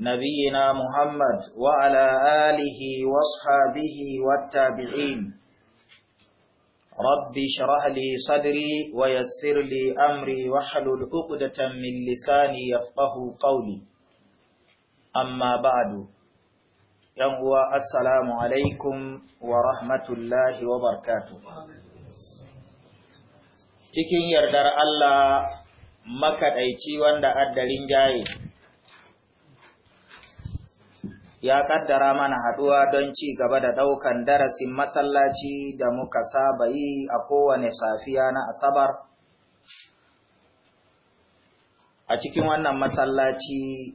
نبينا محمد وعلى آله واصحابه والتابعين رب شرح لي صدري ويسر لي أمري وحلل عقدة من لساني يفقه قولي أما بعد ينهو السلام عليكم ورحمة الله وبركاته cikin yardar Allah makaɗaici wanda addalin jaye ya kaddara mana haduwa don ci gaba da ɗaukan darasin masallaci da muka saba yi a kowane safiya na Asabar. A cikin wannan masallaci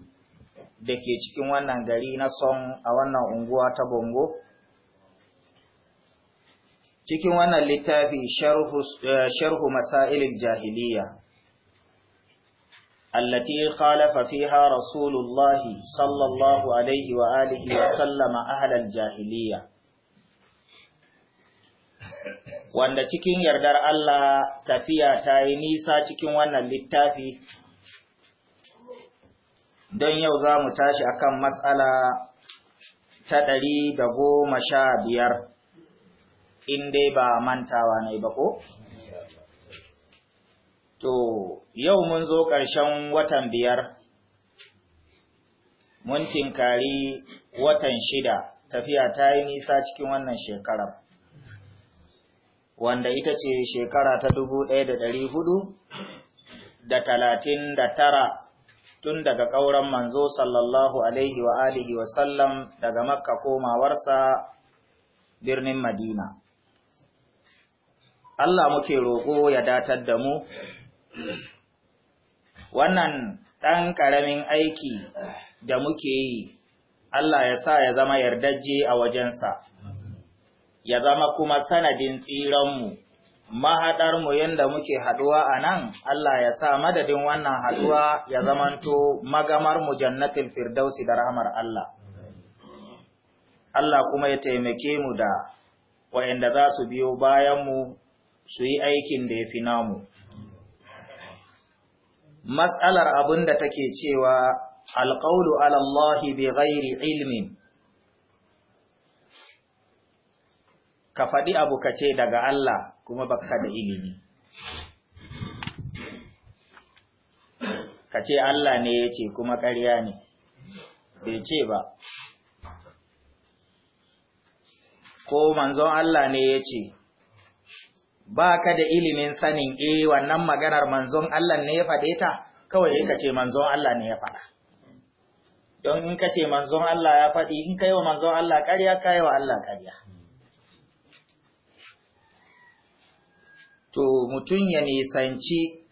da ke cikin wannan gari na son a wannan unguwa ta Bongo. Cikin wannan littafi sharhu eh, masailin jahiliya. التي خالف فيها رسول الله صلى الله عليه وآله وسلم أهل wanda cikin yardar Allah tafiya ta yi nisa cikin wannan littafi don yau za mu tashi akan matsala ta ɗari da goma sha biyar in dai ba mantawa ne ba ko? To, yau mun zo ƙarshen watan biyar, mun tinkari watan shida, tafiya ta yi nisa cikin wannan shekarar, wanda ita ce shekara ta dubu ɗaya da ɗari hudu da talatin da tara tun daga ƙauren manzo sallallahu Alaihi wa alihi wasallam daga makka komawarsa birnin Madina. Allah muke roƙo ya datar da mu. wannan ɗan ƙaramin aiki da muke yi, Allah ya sa ya zama yardajje a wajensa, ya zama kuma sanadin tsiranmu, mahaɗarmu yadda muke haɗuwa a nan, Allah ya sa madadin wannan haɗuwa ya zamanto magamarmu jannatin firdausi da rahamar Allah. Allah kuma ya taimake mu da wa'yanda za su biyo bayanmu su yi aikin da ya fi namu. matsalar abin da take cewa alƙaulu alallahi bi ghairi ilmin ka faɗi abu ka ce daga Allah kuma baka da ilimi ka ce Allah ne ya ce kuma ƙarya ne bai ce ba ko manzon Allah ne ya ce ba ka da ilimin sanin eh wannan maganar manzon Allah ne ya faɗe ta kawai ka ce manzon Allah ne ya faɗa don in ka ce manzon Allah ya faɗi in ka yi wa manzon Allah ƙarya ka yi wa Allah ƙarya to mutum ya nisanci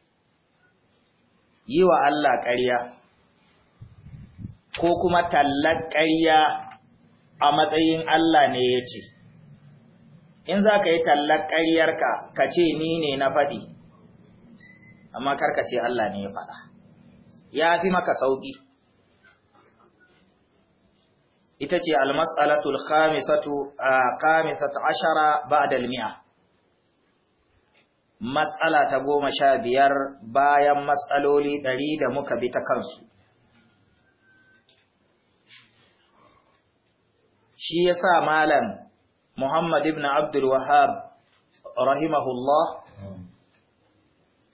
yi wa Allah ƙarya ko kuma tallar ƙarya a matsayin Allah ne ya ce in za ka yi tallar ƙaryarka ka ce ni ne na faɗi amma karka ce Allah ne ya faɗa ya fi maka sauƙi ita ce almas'alatul khamisatu khamisatu ashara ba a mia matsala ta goma sha biyar bayan matsaloli ɗari da muka bi ta kansu shi ya sa malam Muhammad ibn Abdul Wahhab rahimahullah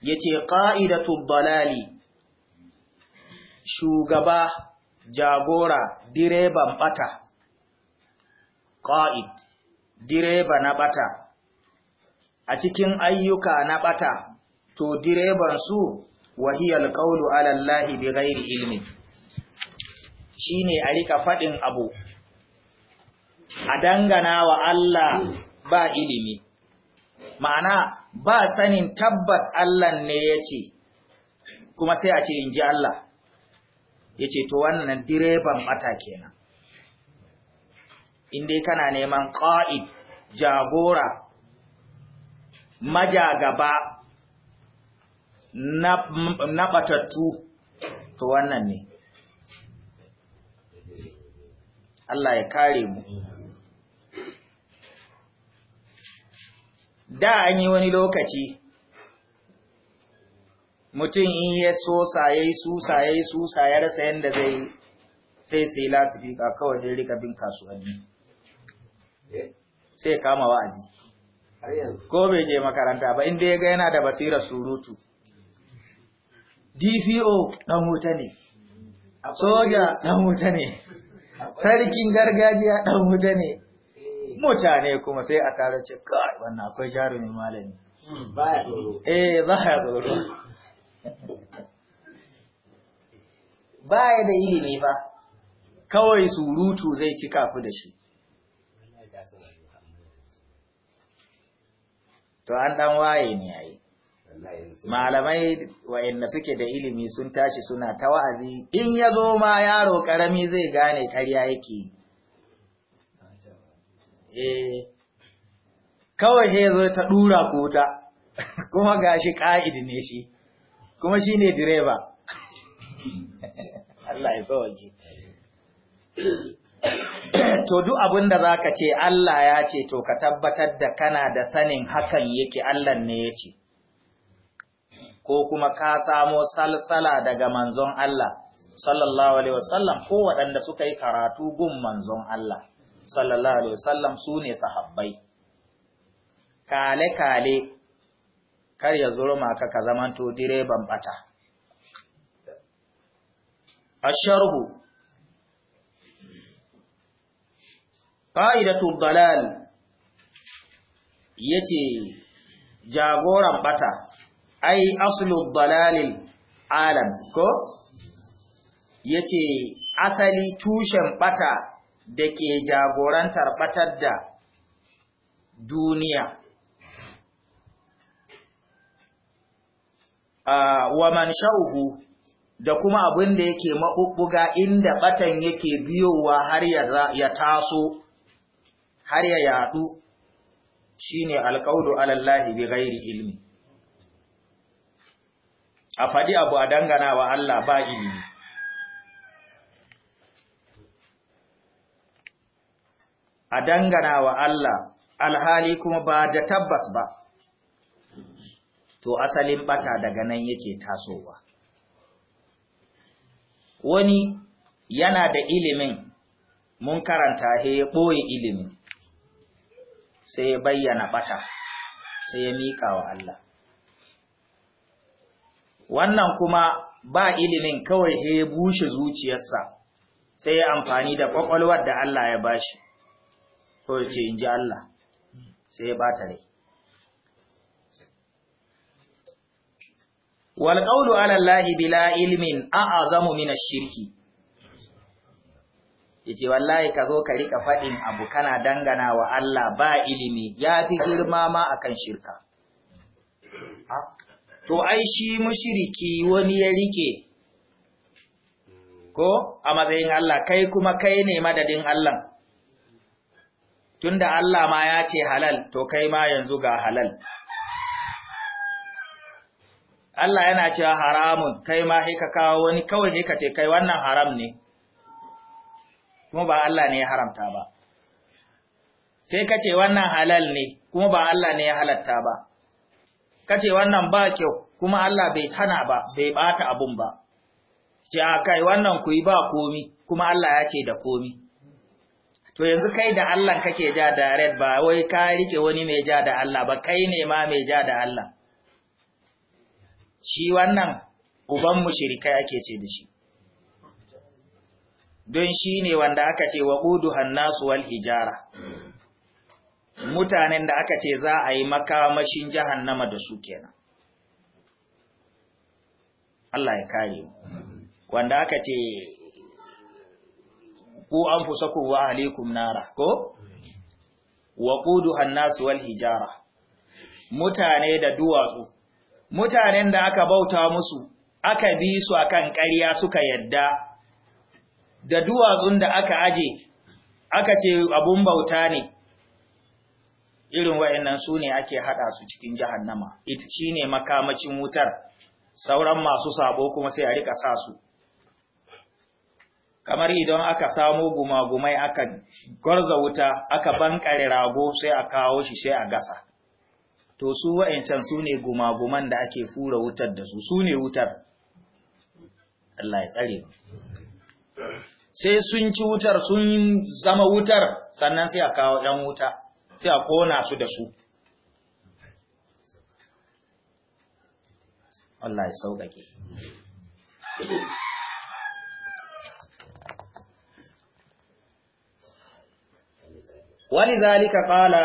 yace qa'idatu dalali shugaba jagora direban bata qa'id direba na bata a cikin ayyuka na bata to direban su wahiyal qawlu ala allahi bighairi ilmi shine a rika fadin abu a danganawa Allah ba ilimi ma'ana ba sanin tabbas Allah ne yace kuma sai a ce inji Allah yace to wannan direban mata kenan indai kana neman qa'id jagora majagaba na batattu to wannan ne Allah ya kare mu mm -hmm. da an yi wani lokaci mutum in ya so ya yi susa ya yi rasa yadda zai sai sai lasifika kawai zai rika bin kasuwanni sai kama wa'azi ko bai je makaranta ba inda ya ga yana da basirar surutu dpo ɗan wuta ne soja ɗan wuta ne sarkin gargajiya ɗan wuta ne mutane kuma sai a tare ce kai wannan akwai jarumin malami hmm, baya tsoro eh, da ilimi ba kawai surutu zai ci kafu da shi to an dan waye ne yayi malamai wa'anda suke da ilimi sun tashi suna ta wa'azi in ya zo ma yaro karami zai gane karya yake Eh, kawai sai zo ta dura ko ta kuma gashi ka'id ne shi kuma shine direba Allah ya tsawaje to duk abin da zaka ce Allah ya ce to ka tabbatar da kana da sanin hakan yake Allah ne ya ce ko kuma ka samo salsala daga manzon Allah sallallahu alaihi wasallam ko waɗanda suka yi karatu gun manzon Allah sallallahu alaihi wasallam su ne sahabbai kale-kale kar ya zurma ka ka zamanto direban bata asharhu fa'idatu dalal yace jagoran bata ai aslu dalalil alam ko yace asali tushen bata da ke jagorantar ɓatar da duniya. Wa man sha'uhu da kuma abin da yake maɓuɓɓuga inda ɓatan yake biyowa har ya taso, har ya yaɗu, shine ne alƙaudu alallahi bi gairi ilmi. A faɗi abu a dangana wa Allah ba ilimi. a dangana wa Allah alhali kuma ba da tabbas ba to asalin bata daga nan yake tasowa wani yana da ilimin mun karanta he ya ɓoye ilimin sai ya bayyana bata sai ya miƙa wa Allah wannan kuma ba ilimin kawai he ya bushe zuciyarsa sai ya amfani da ƙwaƙwalwar da Allah ya bashi ko ya ce in ji Allah sai ya ɓata rai. Walƙaunu alallahi bila ilmin a'a zamu mina shirki. ce wallahi ka zo ka riƙa faɗin abu kana dangana wa Allah ba ilimi ya fi girma ma akan shirka. Ah, to ai shi mashiriki wani ya rike ko a matsayin Allah kai kuma kai ne madadin Allah. tunda Allah ma ya ce halal to kai ma yanzu ga halal Allah yana cewa haramun kai ma sai ka kawo wani kawai sai ce kai wannan haram ne kuma ba Allah ne ya haramta ba sai ka ce wannan halal ne kuma ba Allah ne ya halatta ba ka ce wannan ba kyau kuma Allah bai hana ba bai bata abun ba ce a kai wannan ku yi ba komi kuma Allah ya ce da komi to yanzu kai da Allah kake ja da red ba wai ka rike wani mai ja da Allah ba kai ne ma mai ja da Allah shi wannan uban mushrikai ake ce da shi don shi ne wanda aka ce wa ƙuduhan nasu wal hijara mutanen da aka ce za a yi makamashin jahannama da su kenan Allah ya kare wanda aka ce ku an fusa wa alaikum nara ko wa quduha an wal hijara mutane da duwatsu mutanen da aka bauta musu aka bi su akan ƙarya suka yadda da duwatsun da aka aje aka ce abun bauta ne irin wa'annan su ne ake haɗa su cikin jahannama, ita shi ne makamacin wutar, sauran masu sabo kuma sai a rika sa su. kamar idan aka samo gumagumai aka gwarza wuta aka bankare rago sai a kawo shi sai a gasa to su wa'ancan su ne gumaguman da ake fura wutar da su su ne wutar Allah ya tsare sai sun ci wutar sun zama wutar sannan sai a kawo ɗan wuta sai a kona su da su Allah ya sauƙaƙe Walizalika ƙala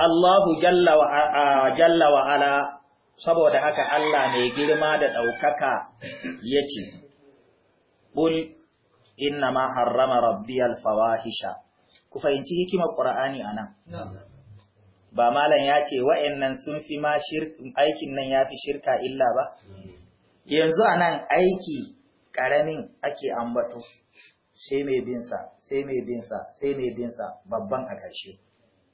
Allahu jalla wahala. saboda haka Allah mai girma da ɗaukaka ya ce, Ƙul inna ma harrama rabbi alfawahisha, ku fahimci hikimar ƙur'ani anan. Ba malam ya ce wa'yannan sun fi ma aikin nan ya fi shirka illa ba? Yanzu anan aiki ƙaramin ake ambato. sai mai binsa sai mai binsa sai mai binsa babban a ƙarshe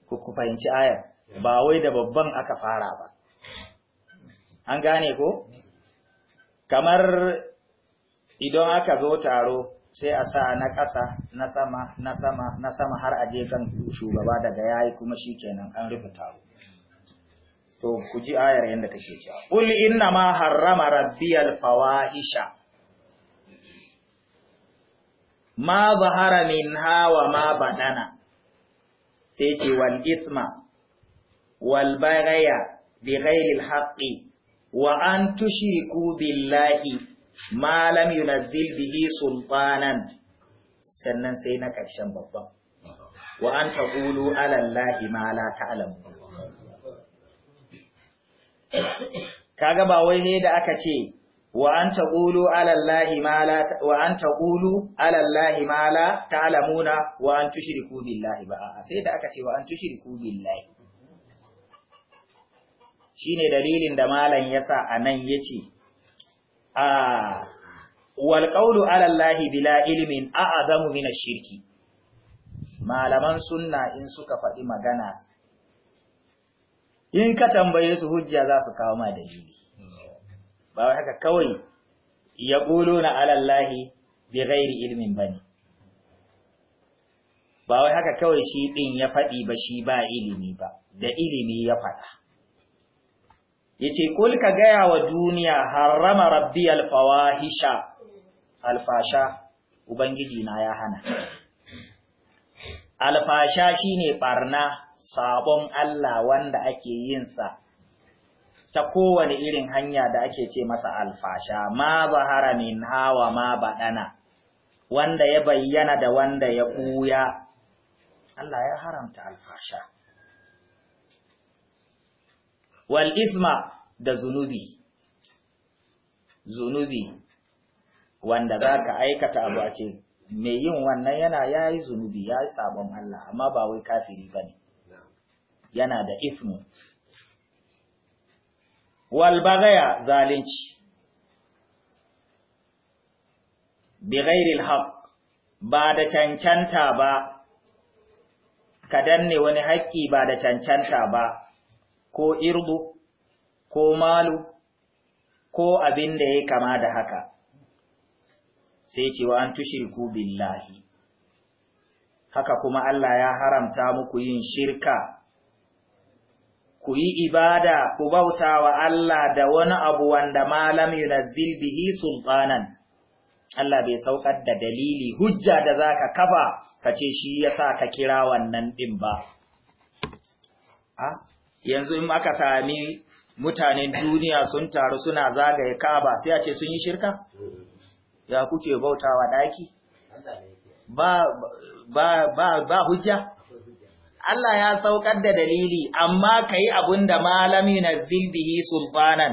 ku fahimci ayar ba wai da babban aka fara ba an gane ko kamar idan aka zo taro sai a sa na ƙasa na sama na sama na sama har a je kan shugaba daga yayi kuma shi kenan an rufe taro to ku ji ayar yadda take cewa qul inna ma harrama rabbiyal fawahisha ma zahara min hawa ma baɗana, sai ce wal isma wal bagaya bi ghairil haqqi wa an tushriku billahi ma lam yunazzil bihi sultanan sannan sai na ƙarshen babban wa an taqulu ala ma la ba wai ne da aka ce wa an taqulu ala allahi ma la wa an taqulu ala billahi ba sai da aka ce wa an tushriku billahi ne dalilin da malam yasa anan yace a wal qawlu ala allahi bila ilmin a'zamu min ash-shirki malaman sunna in suka faɗi magana in ka tambaye su hujja za su kawo ma dalili ba wai haka kawai ya ƙulo na alallahi bi gairi ilmin ba ne ba wai haka kawai shi ɗin ya faɗi ba shi ba ilimi ba da ilimi ya faɗa ya ce ka gaya wa duniya harrama rabbi alfawahisha alfasha ubangiji na ya hana alfasha shine ɓarna sabon Allah wanda ake yinsa ta kowane irin hanya da ake ce masa alfasha ma ba min hawa ma baɗana wanda ya bayyana da wanda ya ɓuya Allah ya haramta alfasha wal isma da zunubi zunubi wanda za ka aikata abu a ce mai yin wannan yana ya yi zunubi ya yi sabon Allah amma ba wai kafiri bane, yana da ismu walbagaya zalunci bighairil haqq ba da cancanta ba ka danne wani haƙƙi ba da cancanta ba ko irdu ko malu ko abin da ya kama da haka sai cewa an tushirku billahi haka kuma Allah ya haramta muku yin shirka ku yi ibada ku bauta wa Allah da wani abu wanda malam yunazzil bihi sultanan Allah bai saukar da dalili hujja da zaka kafa ce shi yasa ka kira wannan din ba a yanzu in aka sami mutanen duniya sun taru suna zagaye Kaaba sai a ce sun yi shirka ya kuke bautawa daki ba ba, ba hujja Allah ya saukar da dalili amma ka yi abin da malami na zilbihi sulfanan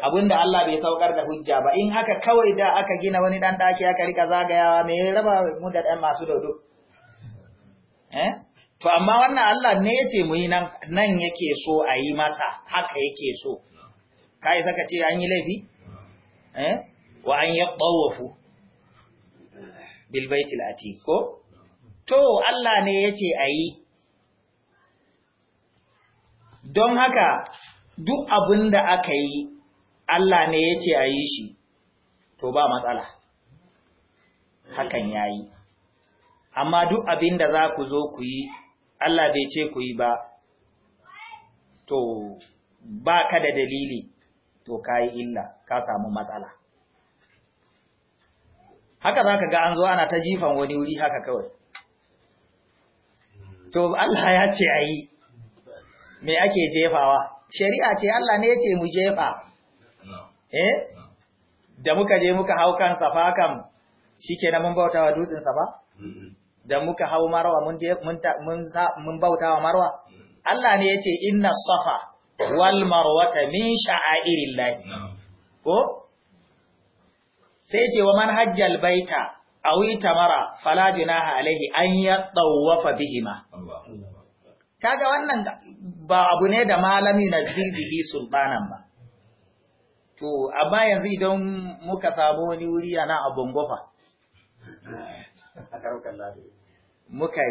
abin da Allah bai saukar da hujja ba in haka kawai da aka gina wani ɗan ɗaki aka rika zagayawa mai raba mu da ɗan masu dodo eh? to amma wannan Allah ne ce mu yi nan yake so a yi masa haka yake so Ka yi saka ce an yi laifi eh? wa an yi ɓawafu. baitil atiq ko to Allah ne ya ce a yi don haka duk abin da aka yi Allah ne ya ce a yi shi to ba matsala hakan ya yi amma duk abin da za ku zo ku yi Allah bai ce ku yi ba to ba ka da dalili to ka yi illa ka samu matsala haka za ka ga an zo ana ta jifan wani wuri haka kawai to Allah ya ce a yi me ake jefawa shari'a ce Allah ne ya ce mu jefa eh da muka je muka hau kan safa kam shikenan mun wa dutsen safa da muka hau marwa mun bauta wa marwa Allah ne ya ce ina safa wal marwata min sha'airillah ko sai ce wa manhajjal hajjal baita awi tamara fala junaha alaihi an ya tsawafa bihima kaga wannan ba abu ne da malami na zirbihi sultanan ba to amma yanzu idan muka samu wani wuri a nan a bongofa muka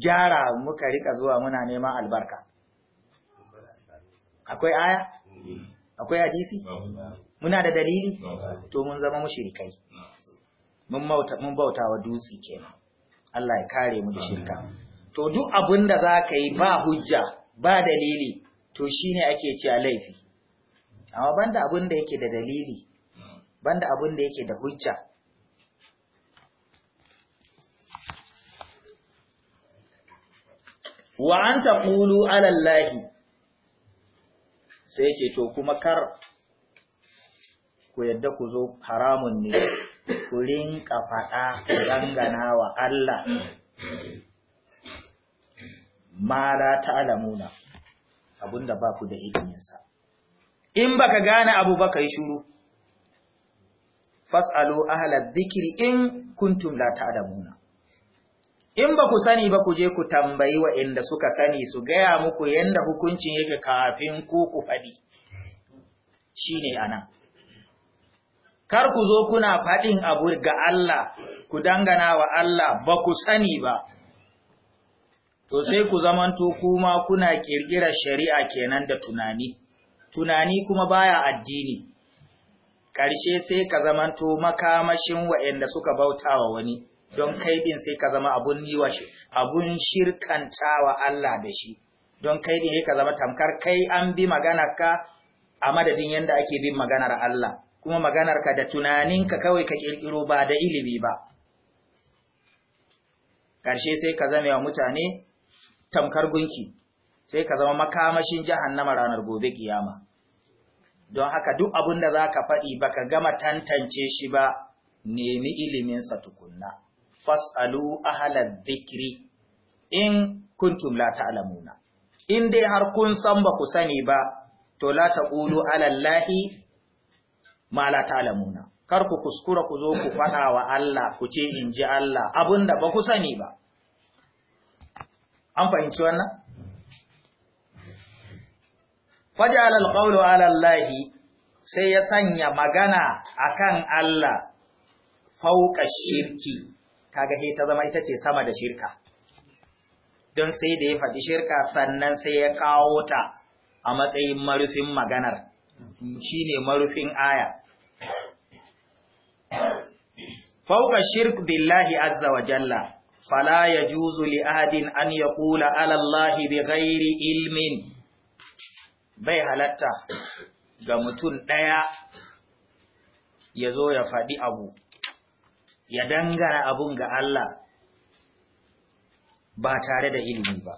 gyara muka rika zuwa muna neman albarka akwai aya mm. akwai hadisi muna da dalili to mun zama mushrikai mun bauta wa dutse kenan Allah ya kare mu da shirka to duk abin da zaka yi ba hujja ba dalili to shine ake cewa laifi amma banda abin da yake da dalili banda abin da yake da hujja wa an taqulu ala llahi sai yake to kuma kar ku yadda ku zo haramun ne ku rinka faɗa zangana wa Allah ma la ta'lamuna abinda ba ku da ilimin sa in baka gane abu baka yi shuru. fas'alu ahla dhikri in kuntum la ta'lamuna in ba ku sani ba ku je ku tambayi wa'inda suka sani su gaya muku yanda hukuncin yake kafin ku ku faɗi shine anan kar ku zo kuna faɗin abu ga Allah, ku dangana wa Allah ba ku sani ba, to sai ku zamanto kuma kuna ƙirƙirar shari'a kenan da tunani, tunani kuma baya addini, ƙarshe sai ka zamanto makamashin wa'yanda suka bauta wa wani, don kai sai ka zama abun niwa shi, abun shirkanta wa Allah da shi, don kai sai ka zama tamkar kai an bi ka a madadin yadda ake bin maganar Allah. kuma maganarka da tunaninka kawai ka ƙirƙiro ba da ilimi ba. Ƙarshe sai ka zama wa mutane tamkar gunki, sai ka zama makamashin jahannama ranar gobe kiyama. Don haka duk abin da za ka faɗi ba ka gama tantance shi ba, nemi iliminsa tukunna. Fas'alu ahalar zikiri in kuntum la ta'lamuna. In dai har kun san ba ku sani ba, to la taqulu ala Allahi ma la ta'lamuna kar ku kuskura ku zo ku faɗa wa Allah ku ce in ji Allah abinda ba ku sani ba an fahimci wannan faj'al alqawlu 'ala Allah sai ya sanya magana akan Allah fauka shirki kaga he ta zama ita ce sama da shirka don sai da ya faɗi shirka sannan sai ya kawo ta a matsayin marufin maganar shi ne marufin aya fauka shirk billahi Azzawajalla, fala yajuzu li ahadin an yaqula ala allahi ilmin bai halarta ga mutum daya yazo ya faɗi abu ya dangana abun ga Allah ba tare da ilimi ba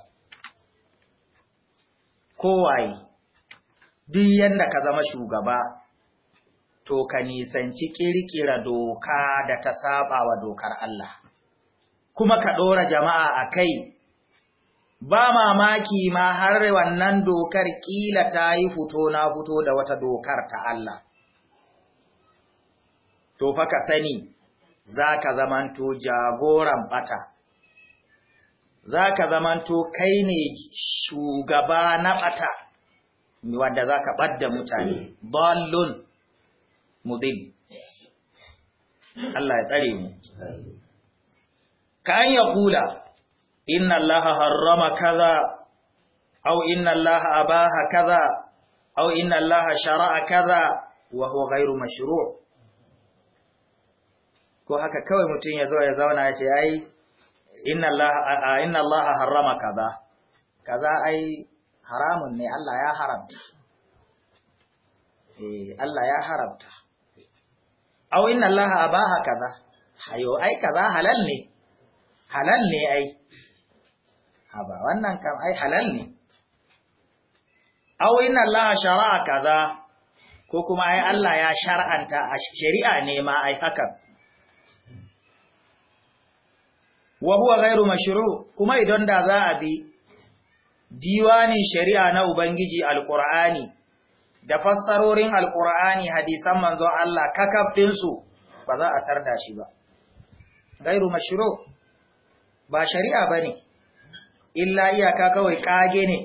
kowaye duk yadda ka zama shugaba to ka nisanci ƙirƙira doka da ta saba wa dokar Allah, kuma ka ɗora jama'a a kai, ba mamaki ma har wannan dokar ƙila ta yi fito na fito da wata dokar ta Allah. To fa ka sani, za ka zamanto jagoran bata, za ka zamanto kai ne shugaba na bata, wanda za ka ɓadda mutane, ballon. mudin Allah ya tsare mu kan ya kula inna Allah harrama kaza aw inna Allah abaha kaza aw inna Allah shara'a kaza wa huwa ghairu mashru' ko haka kawai mutum ya zo ya zauna ya ce ai inna Allah inna Allah harrama kaza kaza ai haramun ne Allah ya haramta eh Allah ya haramta aw inna allaha abaha kaza hayo ai kaza halal ne halal ne ai haba wannan kam ai halal ne aw inna allaha shara'a kaza ko kuma ai Allah ya shar'anta a shari'a ne ma ai hakan wa gairu mashiru kuma idan da za a bi diwanin shari'a na ubangiji al alqur'ani da fassarorin alkur'ani hadisan manzo Allah kakafinsu ba za a tarda shi ba gairu mashiro ba shari'a bane ne illa iyaka kawai kage ne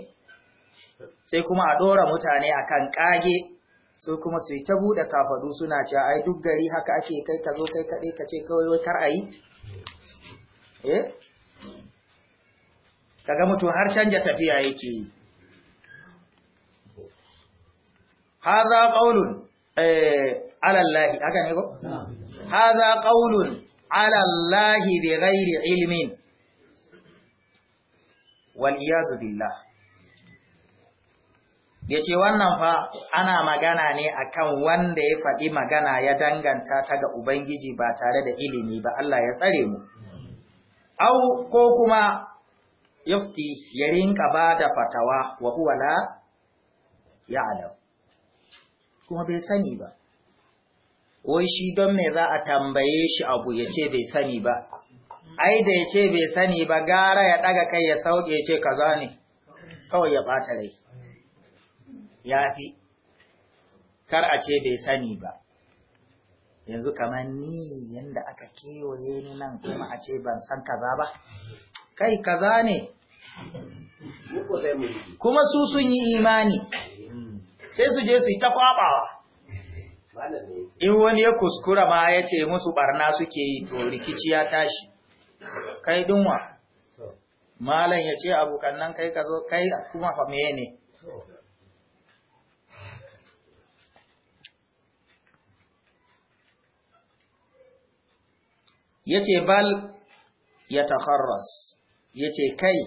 sai kuma a ɗora mutane akan kage sai kuma su yi ta buɗe kafaɗu suna cewa ai duk gari haka ake kai ka zo kai kaɗai ka ce kawai kar a yi eh kaga mutum har canja tafiya yake yi haza قول على الله هذا قول على الله alallahi علم والعياذ ilmin yace wannan fa ana magana ne akan wanda ya faɗi magana ya danganta ta ga ubangiji ba tare da ilimi ba Allah ya tsare mu au ko kuma yafti ya rinka bada fatawa wa huwa la ya'lam kuma bai sani ba wai shi don me za a tambaye shi abu ya ce bai sani ba ai da ya ce bai sani ba gara ya ɗaga kai ya sauke ya ce kaza ne kawai ya ɓata rai ya fi kar a ce bai sani ba yanzu kamar ni yanda aka kewaye ni nan kuma a ce ban san kaza ba kai kaza ne kuma su sun yi imani sai su je su yi ta kwabawa in wani ya kuskura ma ya ce musu barna suke yi to rikici ya tashi kai dunwa malam ya ce abokan nan kai ka zo kai kuma fa ne ya bal ya ta kai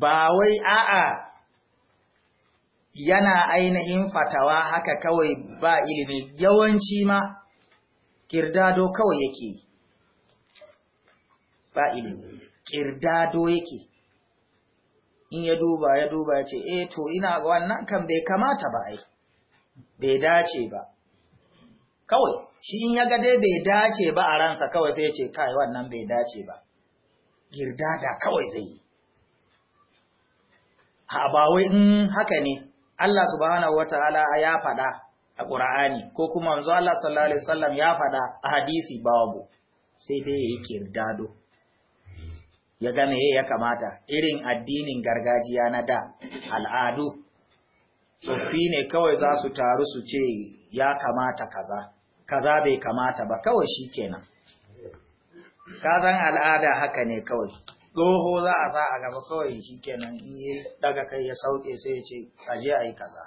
ba wai a'a yana ainihin fatawa haka kawai ba ilimi yawanci ma kirdado kawai yake ba ilimi kirdado yake in ya duba ya duba ya ce eh to ina wannan kan bai kamata ba ai bai dace ba kawai shi in ya gade bai dace ba a ransa kawai sai ya ce kai wannan bai dace ba girdada kawai zai yi a ba wai in haka ne Allah subhanahu ta’ala ya faɗa a Qur'ani ko kuma manzo Allah sallallahu alaihi wasallam ya faɗa a hadisi babu sai dai yake kirdado ya ga me ya kamata irin addinin gargajiya na da al'adu tsoffi ne kawai za su taru su ce ya kamata kaza kaza bai kamata ba kawai shi kenan. kazan al'ada haka ne kawai tsoho za a sa a gaba kawai shi kenan in yi daga kai ya sauke sai ya ce aje a yi kaza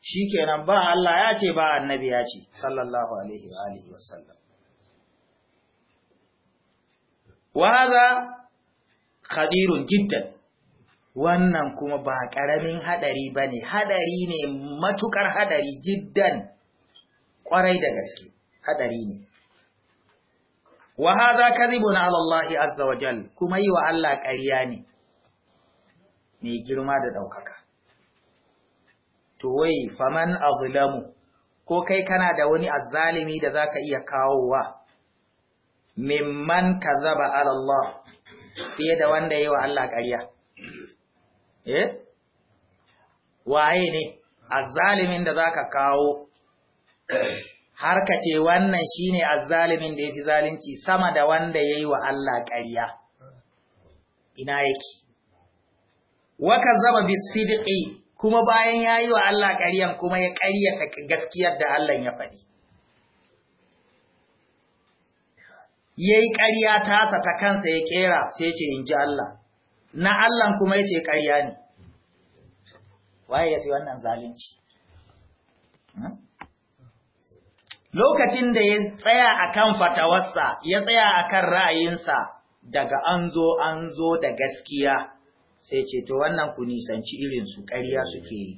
shi kenan ba Allah ya ce ba annabi ya ce sallallahu alaihi wa alihi wasallam wa haza khadirun jiddan wannan kuma ba karamin hadari bane hadari ne matukar hadari jiddan kwarai da gaske hadari ne wa hadha kadhibun ala Allah azza wa jal kuma yi wa Allah ƙarya ne mai girma da daukaka to wai faman azlamu ko kai kana da wani azzalimi da zaka iya wa mimman kadhaba ala Allah fiye da wanda yi wa Allah ƙarya eh waye ne azzalimin da zaka kawo har ka ce wannan shine azzalimin da ya fi zalunci sama da wanda ya yi wa Allah ƙariya ina yake wa kazzaba bisidqi kuma bayan ya yi wa Allah ƙaryan kuma ya ta gaskiyar da Allah ya faɗi yayi yi ta sa ta kansa ya kera sai ce in ji Allah na Allah kuma ce ƙariya ne waye fi wannan zalunci hmm? lokacin da ya tsaya a kan fatawarsa ya tsaya a kan ra'ayinsa daga an zo an zo da gaskiya sai ce to wannan ku nisanci irin su ƙarya suke yi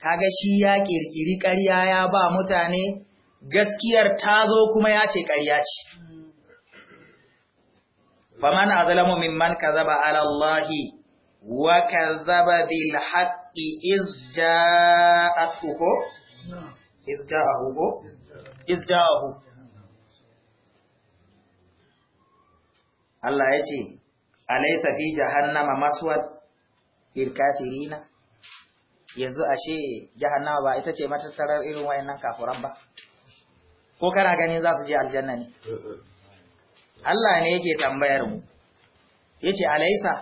kaga shi ya ƙirƙiri ƙarya ya ba mutane gaskiyar ta zo kuma ya ce ƙarya ce faman azlamu mimman ka zaba alallahi, wa zaba bil haqqi iz ja'atuhu izja'ahu go Allah ya ce alaysa fi jahannama maswad lil kafirina yanzu ashe jahannama ba ita ce matattarar irin wayannan kafuran ba ko kana ganin za su je aljanna ne Allah ne yake tambayar mu yace alaysa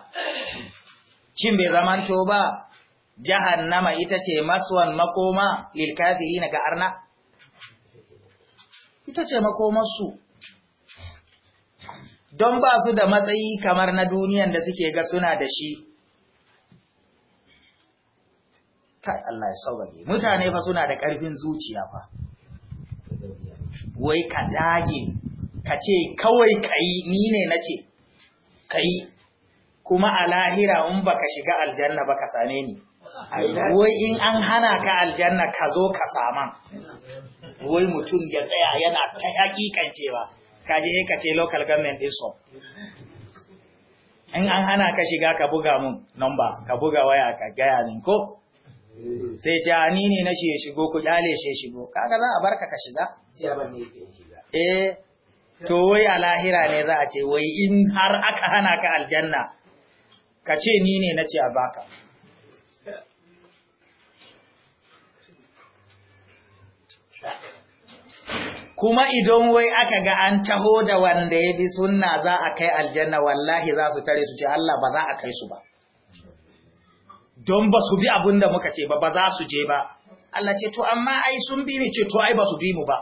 shin bai zamanto ba jahannama ita ce maswan makoma lil kafirina ga arna ita ce makomarsu don ba su da matsayi kamar na duniyan da suke ga suna da shi kai Allah ya saurare mutane fa suna da ƙarfin zuciya fa wai ka dage ka ce kawai kai ni ne nace kai kuma a lahira in baka shiga aljanna baka same ni wai in an hana ka aljanna ka zo ka saman wai mutum ya tsaya yana ta hakikan cewa ka je ka ce local government din so in an hana ka shiga ka buga mun number ka buga waya ka gaya min ko sai ta ni ne na shi ya shigo ku dale shi ya shigo kaga za a barka ka shiga eh to wai a lahira ne za a ce wai in har aka hana ka aljanna ka ce ni ne na ce a baka kuma idan wai aka ga an taho da wanda ya bi sunna za a kai aljanna wallahi za su tare su ce Allah ba za a kai su ba don ba su bi abin da muka ce ba ba za su je ba Allah ce to amma ai sun bi ni ce to ai ba su bi mu ba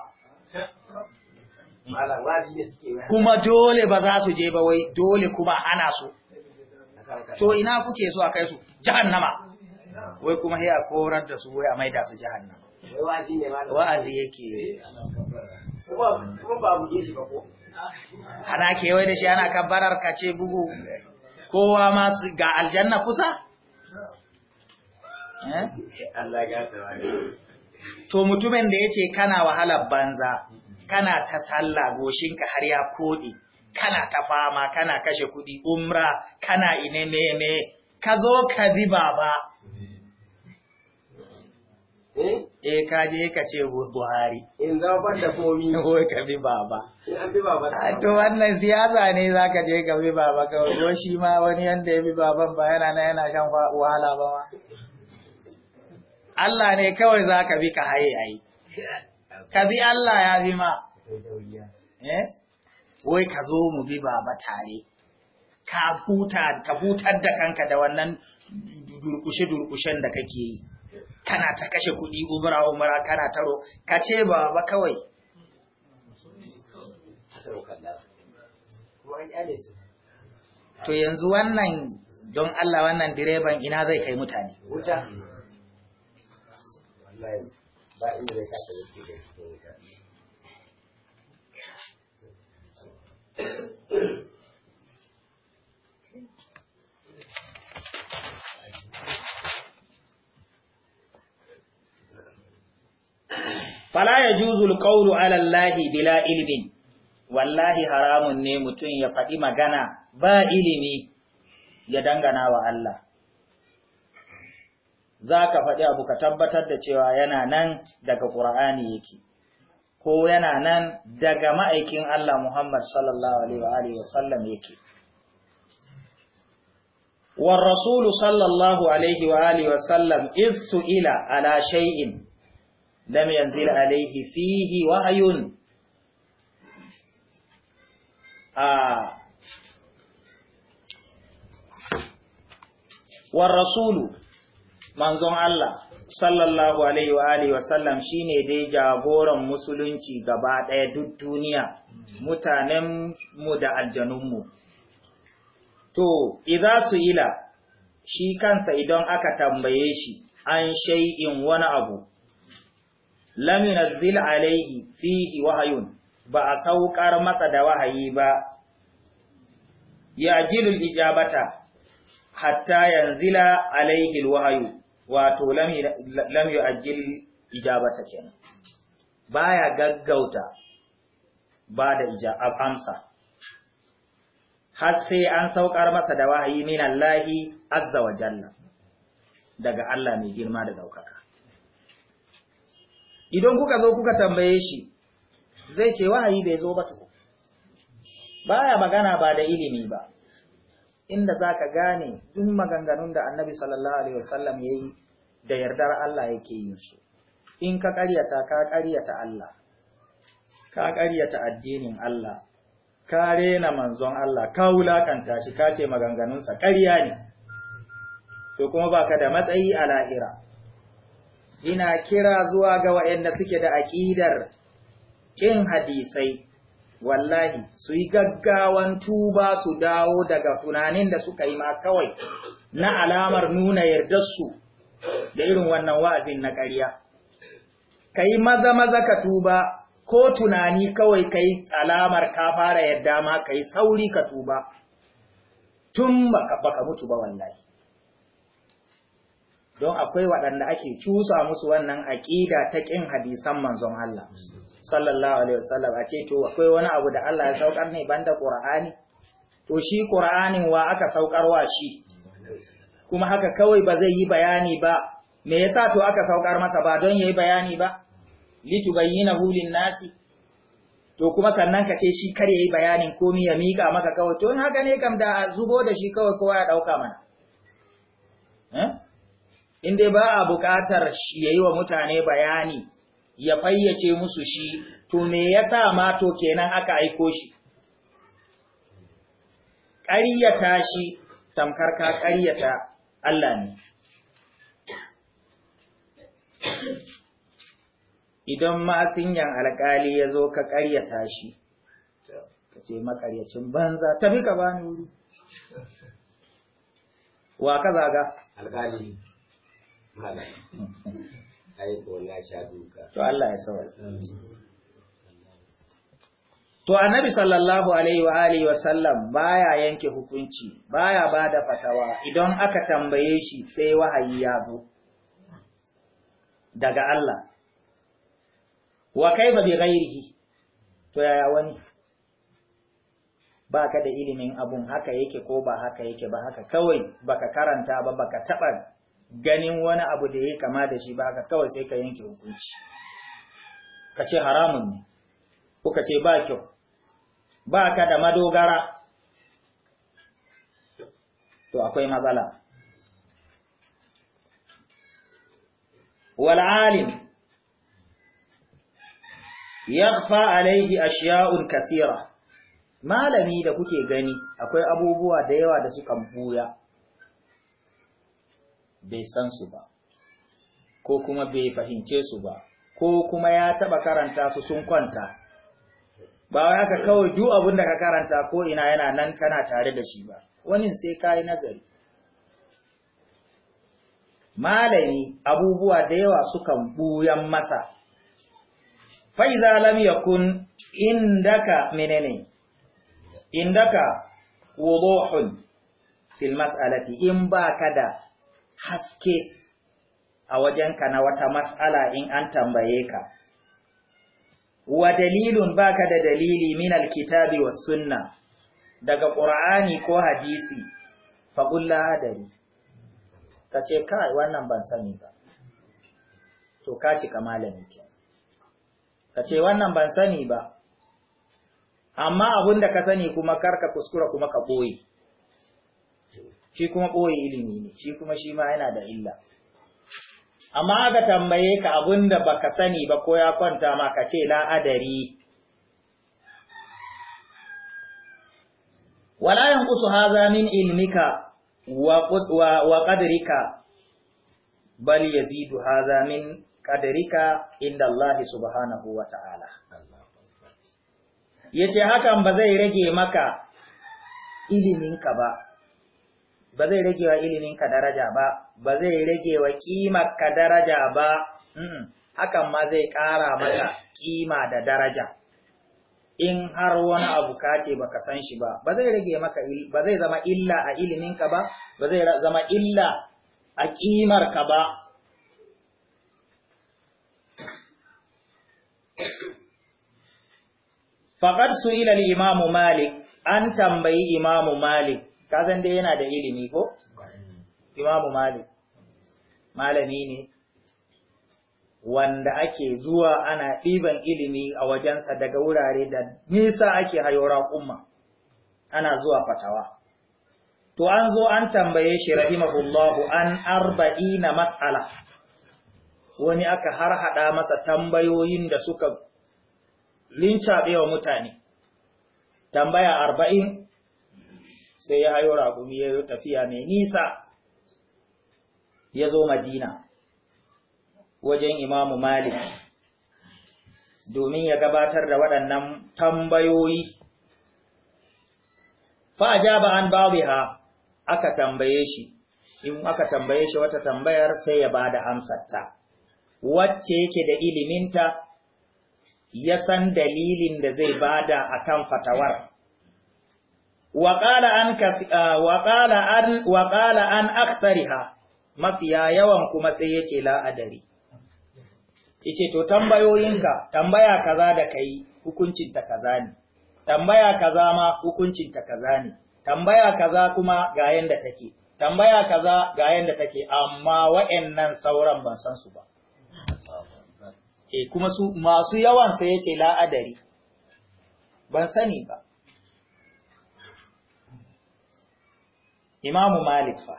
kuma dole ba za su je ba wai dole kuma ana su to ina kuke so a kai su jahannama wai kuma ya korar da su wai a maida su jahannama wa'azi yake eh, Hana ba buge shi ana kewaye da shi ana kabbarar kace bugu kowa ma ga aljanna kusa eh? to mutumin da yake kana wahalar banza kana ta sallah goshinka har ya kodi kana ta fama kana kashe kudi umra kana ine meme ka zo ka bi baba eh? eh ka je ka ce Buhari in ba da komi ko ka bi baba an bi baba ah, to wannan siyasa ne zaka je ka bi baba ka ko shi ma wani yanda ya bi baban ba yana na yana shan wahala ba ma Allah ne kawai zaka bi ka haye ai ka bi Allah ya bi ma eh wai ka zo mu bi baba tare ka huta ka hutar da kanka da wannan durkushe durkushen da kake yi Tana ta kashe kuɗi umra umara kana taro ka ce ba ba kawai to yanzu wannan don Allah wannan direban ina zai kai mutane wuta fala ya juzul ƙauru ala bila ilmin wallahi haramun ne mutum ya faɗi magana ba ilimi ya dangana wa Allah za ka faɗi abu ka tabbatar da cewa yana nan daga ƙura'ani yake ko yana nan daga ma'aikin Allah Muhammad sallallahu Alaihi wasallam yake. Wa Rasulu sallallahu Alaihi wasallam isu ila ala shay'in lam yanzil alaihi fihi wahayun a war rasulu manzon Allah sallallahu alaihi wa alihi wasallam shine dai jagoran musulunci gaba ɗaya duk duniya mutanen mu da aljanunmu to idza su ila shi kansa idan aka tambaye shi an shay'in wani abu lam yunzil alaihi fihi wahayun ba a saukar masa da wahayi ba Ya yajilul ijabata hatta yanzila alaihi wahayu, wato lam lam yuajil ijabata kenan baya gaggauta ba da ijab amsa har sai an saukar masa da wahayi min Allahi azza wa jalla daga Allah mai girma da daukaka idan kuka zo kuka tambaye shi zai ce wahayi bai zo ba tuku baya magana ba da ilimi ba inda za ka gane duk maganganun da annabi sallallahu alaihi wasallam yayi da yardar Allah yake yin su in ka ƙaryata ka ƙaryata Allah ka ƙaryata addinin Allah ka rena manzon Allah ka wulakanta shi ka ce maganganunsa ƙarya ne to kuma baka da matsayi a lahira ina kira zuwa ga waɗanda suke da aƙidar ƙin hadisai, wallahi, su yi gaggawan tuba su dawo daga tunanin da suka yi ma kawai na alamar nuna yardarsu da irin wannan wa'azin na ƙarya. Ka yi maza-maza ka tuba, ko tunani kawai ka yi alamar ka fara yarda ma ka yi sauri ka tuba, tun baka mutu ba wallahi. don akwai waɗanda ake cusa musu wannan aƙida ta ƙin hadisan manzon Allah sallallahu alaihi wasallam a ce to akwai wani abu da Allah ya saukar ne banda Qur'ani to shi Qur'anin wa aka saukarwa shi kuma haka kawai ba zai yi bayani ba me yasa to aka saukar masa ba don yayi bayani ba na lin-nasi to kuma sannan ka ce shi kar yayi bayanin komai ya mika maka kawai to in haka ne kam da zubo da shi kawai kowa ya ɗauka mana eh? in dai ba a buƙatar ya yi wa mutane bayani ya fayyace musu shi to me yasa ma to kenan aka aiko shi ƙaryata shi tamkar ka ƙaryata Allah ne idan masinyan alƙali ya zo ka ƙaryata shi ka ce makaryacin banza tafi ka bani wuri wa ka zaga alƙali To Allah ya sawa. To annabi sallallahu alaihi wa wa sallam baya yanke hukunci, baya da fatawa idan aka tambaye shi sai wahayi ya zo daga Allah. Wa kai ba bi gairihi, To yaya wani? Ba ka da ilimin abun haka yake ko ba haka yake ba haka kawai baka karanta ba baka taɓa ganin wani abu da ya kama da shi ba ka kawai sai ka yanke hukunci ka ce haramun ne ko ka ce ba kyau ba ka da madogara to akwai matsala wal'alim ya fa alaihi ashiya'un kasira malami da kuke gani akwai abubuwa da yawa da suka buya bai san su ba ko kuma bai fahimce su ba ko kuma ya taba karanta su sun kwanta ba wai haka kawai duk abin da ka karanta ko ina yana nan kana tare da shi ba wani sai ka yi nazari malami abubuwa da yawa sukan buyan masa faiza lam yakun indaka menene indaka wuduhun fil mas'alati in ka da haske a wajen ka na wata matsala in an tambaye ka. Wa dalilun baka da dalili min alkitabi wa sunna daga ƙur'ani ko hadisi, faƙulla hadari, ka ce, kai wannan ban sani ba, to ka cika kamala Ka ce, wannan ban sani ba, amma abin da ka sani kuma karka kuskura kuma ka ɓoye. shi kuma ɓoye ilimi ne shi kuma shi ma yana da illa amma aka tambaye ka abin da baka sani ba ko ya kwanta ma ka ce la'adari wala yanqusu haza min ilmika wa ƙadirika, bal bal yazidu haza min ƙadirika inda Allah subhanahu wa ta'ala yace hakan ba zai rage maka iliminka ba ba zai rage wa iliminka daraja ba ba zai rage wa ƙimarka daraja ba hakan ma zai ƙara maka ƙima eh. da daraja in har wani abu ka ce baka san shi ba ba zai rage maka ba zai zama illa a iliminka ba ba zai zama illa a ƙimarka ba faƙar su ilal imamu malik an tambayi imamu malik Kazan dai yana da ilimi ko? Imamu Malik, malami ne, wanda ake zuwa ana ɗiban ilimi a wajensa daga wurare da nisa ake hayo raƙumma, ana zuwa fatawa. To an zo an tambaye shi rahimahullahu an arba'i na matsala, wani aka har haɗa masa tambayoyin da suka lincaɓe wa mutane, tambaya arba'in sai ya hayo raƙumi ya yi tafiya mai nisa ya zo madina wajen imamu malik domin ya gabatar da waɗannan tambayoyi a ba an babu aka tambaye shi in aka tambaye shi wata tambayar sai ya ba da amsarta wacce yake da iliminta ya san dalilin da zai bada akan fatawar وقال أن, كث... وقال mafiya yawan kuma sai yake la'adari. Ice, To, tambayoyinka, tambaya kaza da ka kai hukuncinta kaza ne, tambaya kaza ma hukuncinta kaza ne, tambaya kaza kuma ga yadda take, tambaya kaza ga yadda take, amma wa'yannan sauran ban san su ba. E, kuma su masu yawan sai ya la'adari, ban sani ba. imamu malik fa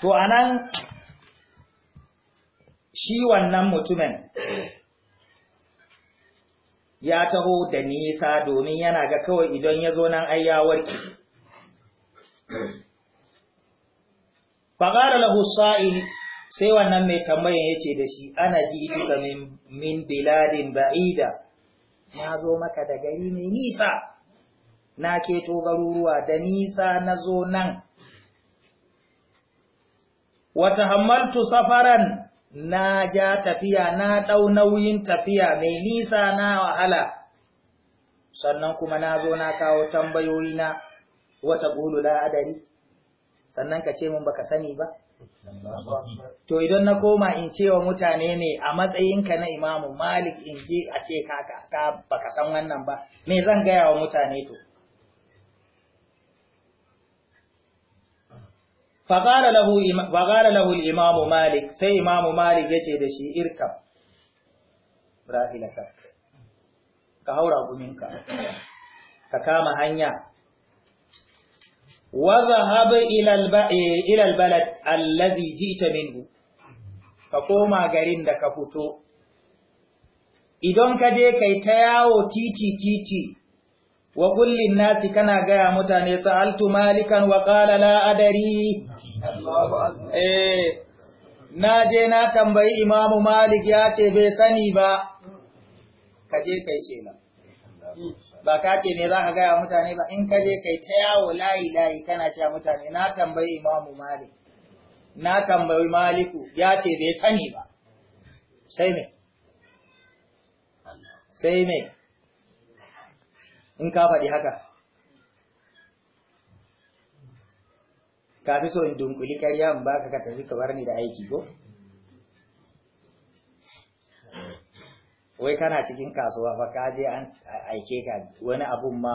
to anan shi wannan mutumin ya taho da nisa domin yana ga kawai idan ya zo nan ai ya warke faqala lahu sa'il sai wannan mai tambayan yace da shi ana ji'tuka min biladin ba'ida na zo maka da gari mai nisa na keto garuruwa da nisa na zo nan wata hamaltu safaran na ja tafiya na ɗau nauyin tafiya mai nisa na wahala sannan kuma na zo na kawo tambayoyi na wata gulu la'adari sannan ka ce mun baka sani ba to idan na koma in ce wa mutane ne a matsayinka na imamu malik in je a ce ka baka san wannan ba me zan gaya wa mutane to فقال له فقال الامام مالك سي امام مالك yace da shi irkab rahilakak ka haura guminka ka kama hanya wa zahab ila ila albalad alladhi jita minhu ka koma garin da ka fito idan ka je kai ta yawo titi titi wa kullin nasi kana gaya mutane sa'altu malikan wa qala la’adari eh, na je na tambayi imamu malik ya ce bai sani ba ka je kai ce na ba ka ce ne za ka gaya mutane ba in ka je kai ta yawo layi layi kana cewa mutane na tambayi imamu malik na tambayi maliku ya ce bai sani ba sai mai sai mai. in ka faɗi haka ka fi so in dunkuli karya in baka ka tafi ka bar ni da aiki ko wai kana cikin kasuwa fa ka je an aike ka wani abun ma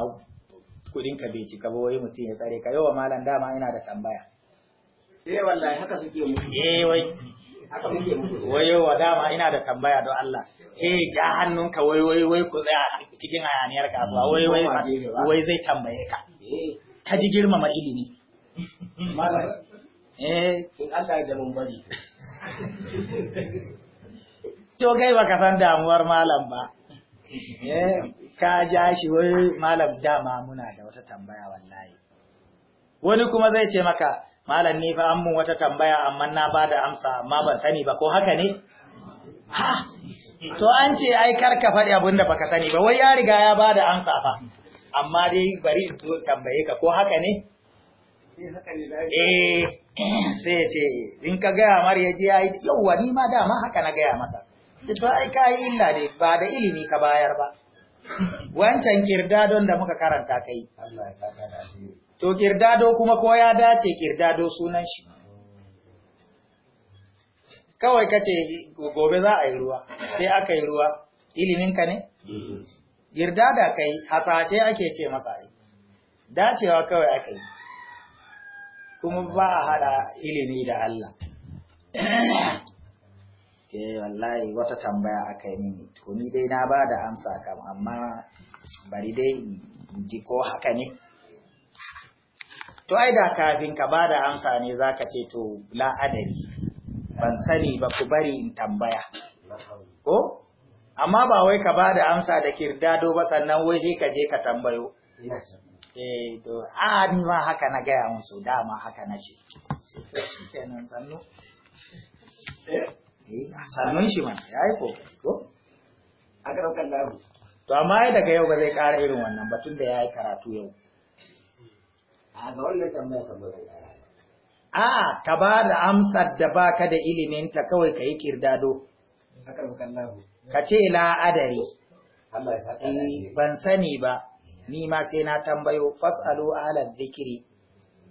kudin ka bai cika ba wai mutum ya tsare ka wa malam dama ina da tambaya eh wallahi haka suke mutu. eh wai haka muke mutu. wai yawa dama ina da tambaya don Allah eh ga hannunka wai wai wai ku tsaya cikin hayaniyar kasuwa wai wai wai zai tambaye ka ka ji girmama ilimi eh in Allah ya mun bari to kai baka san damuwar malam ba eh ka ja shi wai malam dama muna da wata tambaya wallahi wani kuma zai ce maka malam ne fa an mun wata tambaya amma na bada amsa amma ban sani ba ko haka ne ha to an ce ai karka faɗi abun da baka sani ba wai ya riga ya bada da fa amma dai bari in tambaye ka ko haka ne eh, eh sai ya ce in ka gaya mar ya yi. yauwa ni ma dama haka na gaya masa to ai ka yi illa ne ba da ilimi ka bayar ba wancan kirdadon da muka karanta kai to kirdado kuma ko ya dace kirdado sunan shi kawai kace gobe za a yi ruwa sai aka yi ruwa "Ilimin ka ne yarda da kai hasashe ake ce masa yi dacewa kawai aka yi kuma ba a hada ilimi da Allah ke eh, wallahi wata tambaya aka yi mini to ni dai na ba da amsa kam amma bari dai ji ko haka ne to ai da kafin ka ba da amsa ne zaka ce to la adari ban sani ba ku bari in tambaya ko amma ba wai ka ba da amsa da kirdado ba sannan wai sai ka je ka tambayo eh to a ni ma haka na gaya musu dama haka na ce shi kenan sannu eh? Eh, sannun shi mana ya yi ko, ko a da laru to amma ya daga yau ba zai ƙara irin wannan batun da ya yi karatu yau a ga wannan tambaya tambaya a ka ba da amsar da ba ka da iliminta kawai ka yi kirdado ka ce la'adari eh, ban sani ba ni ma sai na tambayo fasalu ala zikiri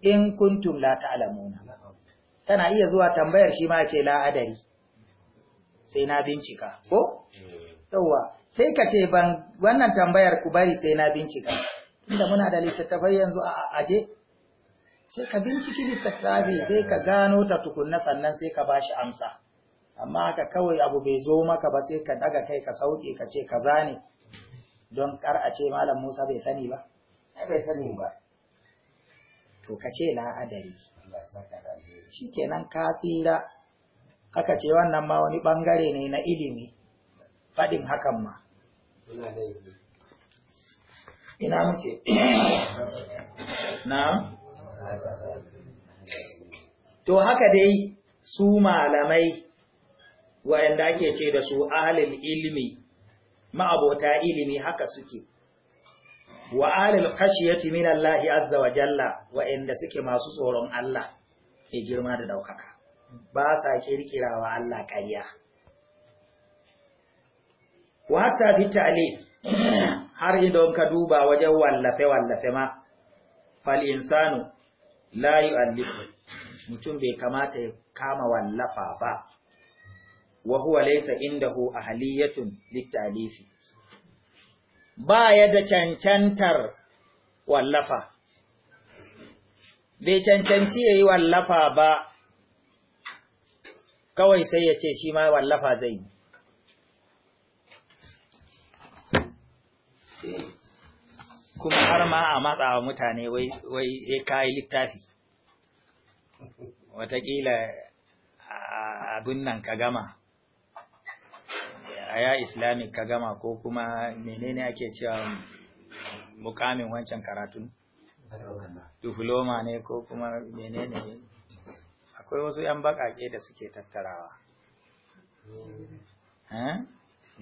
in kuntum la alamuna. tana iya zuwa tambayar shi ma ce la'adari sai na bincika ko eh. yawa sai ka ce ban wannan tambayar ku bari sai na bincika Inda muna da littattafai yanzu a aje sai ka binciki littattafi sai ka gano ta tukunna sannan sai ka bashi amsa amma haka kawai abu bai zo maka ba sai ka daga kai ka sauke ka ce kaza ne don kar a ce malam Musa bai sani ba ai bai sani ba to ka ce la adari shikenan ka tsira aka ce wannan ma wani bangare ne na ilimi faɗin hakan ma ina muke na To haka dai su malamai wayanda ake ce da su alil ilimi ma'abota ilimi haka suke wa alil khashiyati min Allah azza wa jalla wayanda suke masu tsoron Allah ke girma da daukaka ba sa kirkirawa Allah kariya. wa hatta fi ta'lif har idan ka duba wajen wallafe wallafe ma fal insanu la yu'allifu mutum bai kamata ya kama wallafa ba wa huwa laysa indahu ahliyatun litalifi ba ya da cancantar wallafa bai cancanci yayi wallafa ba kawai sai ya ce shi ma wallafa zai yi kuma har ma a matsa wa mutane wai ya kayi littafi watakila abin nan ka gama ya islamic ka gama ko kuma menene ake cewa mukamin wancan karatun difloma ne ko kuma menene akwai wasu 'yan bakake da suke tattarawa eh?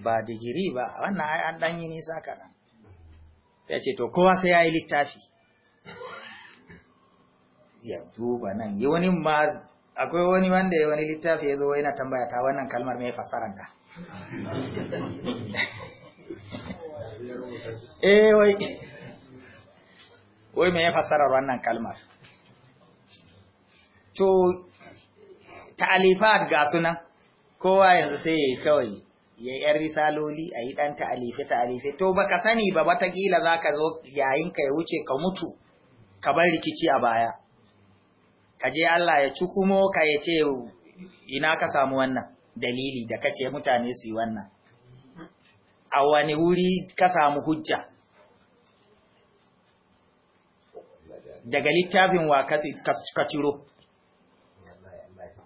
ba digiri ba wannan ai an ɗanyi nisa kaɗan sai ce to kowa sai ya yi littafi ya duba nan yi wani ma akwai wani wanda ya wani littafi ya zo yana tambaya ta wannan kalmar mai ka eh wai wai mai fasarar wannan kalmar to ta'alifat ga sunan kowa yanzu sai kawai ya yi yan risaloli a yi ɗan ta'alife ta'alife to ba ka sani ba watakila za ka zo yayin ka ya wuce ka mutu ka bar rikici a baya ka je Allah ya kuma ka ya ce ina ka samu wannan dalili da ka ce mutane su yi wannan a wani wuri ka samu hujja daga littafin wa ka ciro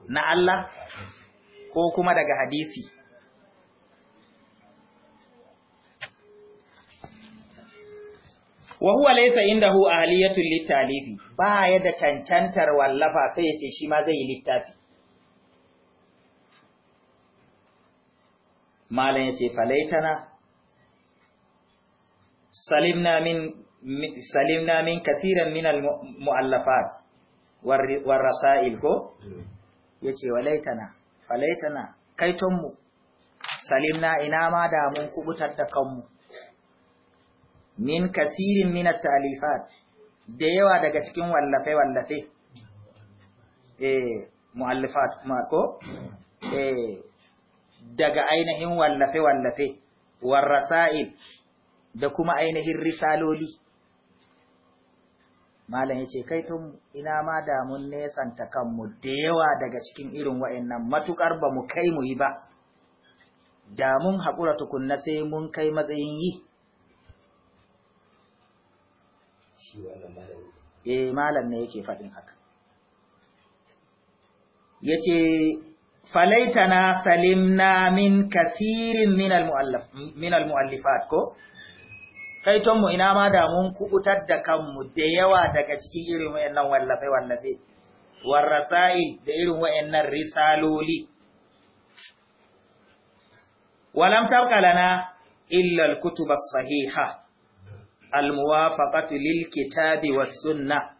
na Allah ko kuma daga hadisi wa huwa laysa indahu ahliyatul litalifi ba ya da cancantar wallafa sai ya ce shi ma zai yi littafi malan yace falaitana salimna min salimna min kaseeran min al muallafat war rasail ko yace walaitana falaitana kaitonmu salimna ina ma da mun kubutar da kanmu min kasirin min talifat da yawa daga cikin wallafe wallafe eh muallifat ma ko eh, daga ainihin wallafe wallafe war rasail da kuma ainihin risaloli malam ya ce kai tun ina ma da mun nesanta kanmu da yawa daga cikin irin wa'annan matukar ba mu kai mu yi ba da mun haƙura tukunna sai mun kai matsayin yi eh malam ne yake faɗin haka yace falaitana salimna min kasirin min almuallaf min almuallifat ko kai mu ina ma da mun kubutar da kanmu da yawa daga cikin irin wayannan wallafe wallafe warrasail da irin wayannan risaloli walam tabqa lana illa alkutub as-sahiha almuwafaqatu lil kitabi sunna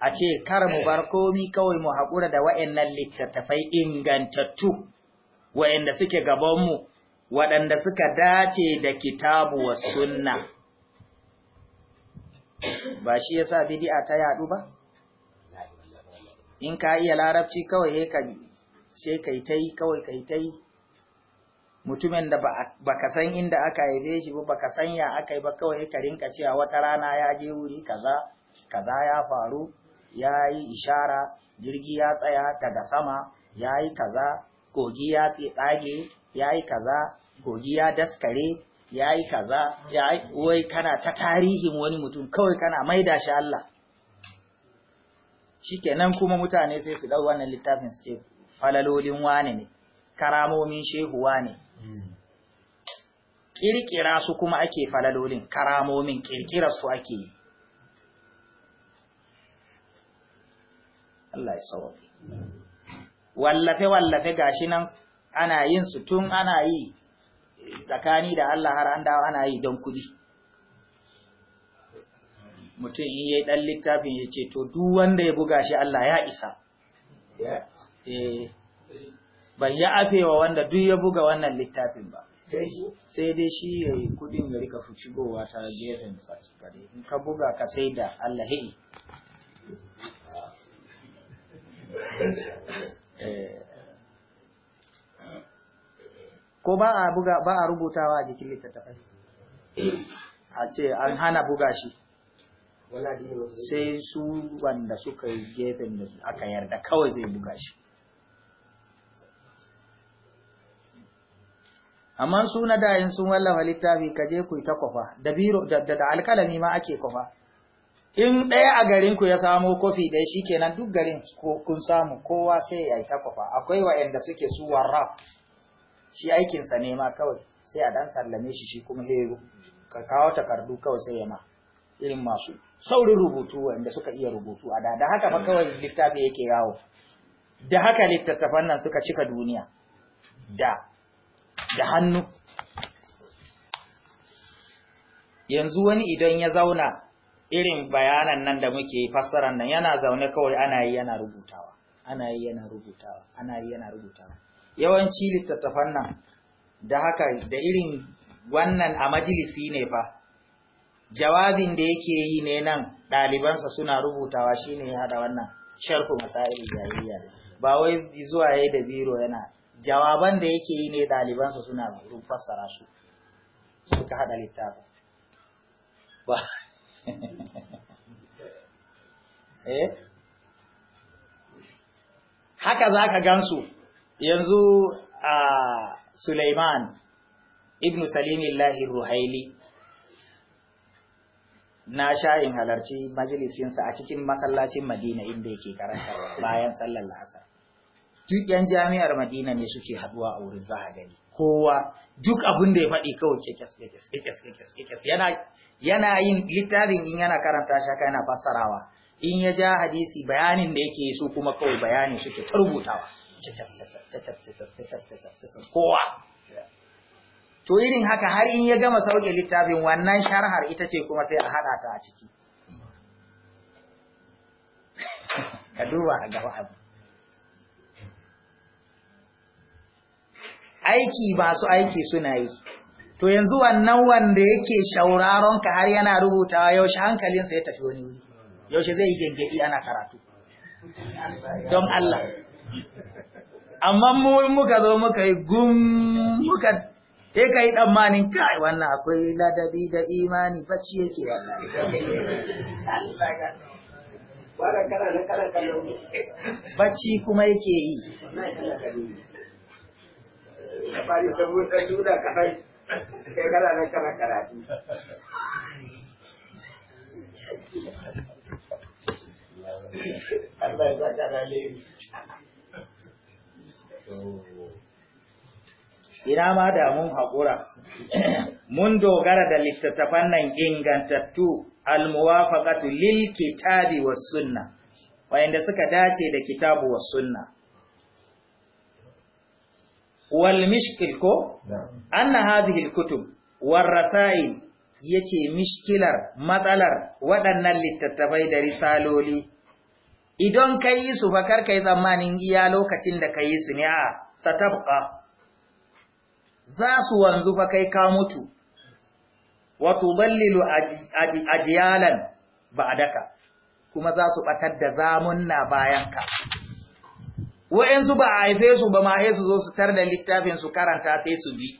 a ce kar mu bar komi kawai mu haƙura da wa'annan littattafai ingantattu wa'anda suke gabanmu waɗanda suka dace da kitabu sunna ba shi sa bid'a ta yaɗu ba in ka iya larabci kawai sai kai kawai kai mutumin da ba ka san inda aka haife shi ba baka ka san ya aka yi ba kawai ka rinka cewa wata rana ya je wuri kaza kaza ya faru ya yi ishara jirgi ya tsaya daga sama ya yi kaza kogi ya tsage ya yi kaza kogi ya daskare ya yi kaza ya yi wai kana ta tarihin wani mutum kawai kana maida shi Allah shikenan kuma mutane sai su dau wannan littafin su ce falalolin wane ne karamomin shehu ne Ƙirƙira su kuma ake falalolin karamomin kirkira su ake yi Allah ya wallafe-wallafe gashi nan ana yin su tun ana yi tsakani da Allah har an dawo ana yi don kudi mutum in yi ɗan littafin ya ce to duk wanda ya buga shi Allah ya isa eh. ban yi afewa wanda duk ya buga wannan littafin ba sai dai shi ya yi kudin ya rika shigowa ta gefen kare in ka buga ka sai da Allah eh. ko ba a ba a rubutawa a jikin littattafai a ce an hana buga shi sai su wanda suka yi gefen da aka yarda kawai zai buga shi amma su na da dayin sun wallafa littafi ka je ku ta kwafa da biro da da alkalami ma ake kwafa in ɗaya a garin ku ya samo kofi shi kenan duk garin kun samu kowa sai ya yi ta kwafa akwai wa'anda suke su warra shi aikin sa ne ma kawai sai a dan sallame shi shi kuma hero ka kawo takardu kawai sai ya ma irin masu saurin rubutu wanda suka iya rubutu a da da haka fa kawai littafi yake yawo da haka littattafan nan suka cika duniya da da hannu yanzu wani idan ya zauna irin bayanan nan da muke fassara nan yana zaune kawai ana yi yana rubutawa ana yi yana rubutawa ana yi yana rubutawa yawanci littattafan nan da haka da irin wannan a majalisi ne fa jawabin da yake yi ne nan ɗalibansa suna rubutawa shine ya hada wannan sharhu masail jahiliya ba wai zuwa yayi da biro yana jawaban da yake yi ne ɗalibansa suna fassara su suka haɗa littafi ba eh? haka za ka gansu yanzu a Suleiman ibn Salimillahi Ruhaili na sha'in halarci majalisinsa a cikin masallacin Madina inda yake karanta bayan sallar la'asar duk yan jami'ar madina ne suke haduwa a wurin za gani kowa duk abin da ya faɗi kawai kekes kekes kekes kekes kekes yana yin littafin in yana karanta shi yana fassarawa in ya ja hadisi bayanin da yake so kuma kawai bayani suke ta rubutawa kowa to irin haka har in ya gama sauke littafin wannan sharhar ita ce kuma sai a haɗa ta a ciki ka duba a gaba abu aiki masu aiki suna yi to yanzu wannan wanda yake shauraron ka har yana rubutawa yaushe hankalinsa ya tafi wani wuri yaushe zai yi gengedi ana karatu don Allah amma mu muka zo muka yi gum muka sai ka yi tsammanin kai wannan akwai ladabi da imani bacci yake wannan bacci kuma yake yi ina ma da mun haƙura mun dogara da littattafan nan ingantattu almuwafaqatu lil kitabi was sunna wayanda suka dace da kitabu was sunna wal ko anna hadhihi al kutub war rasail yace mishkilar matsalar waɗannan littattafai da risaloli idan ka yi su fakar ka yi tsammanin iya lokacin da ka yi su ne a satabka za su wanzu fa kai ka mutu wato ballilu ajiyalan ba daka kuma za su batar da zamunna bayanka wa'yansu ba a haife su ba ma su zo su tar da littafin su karanta sai su bi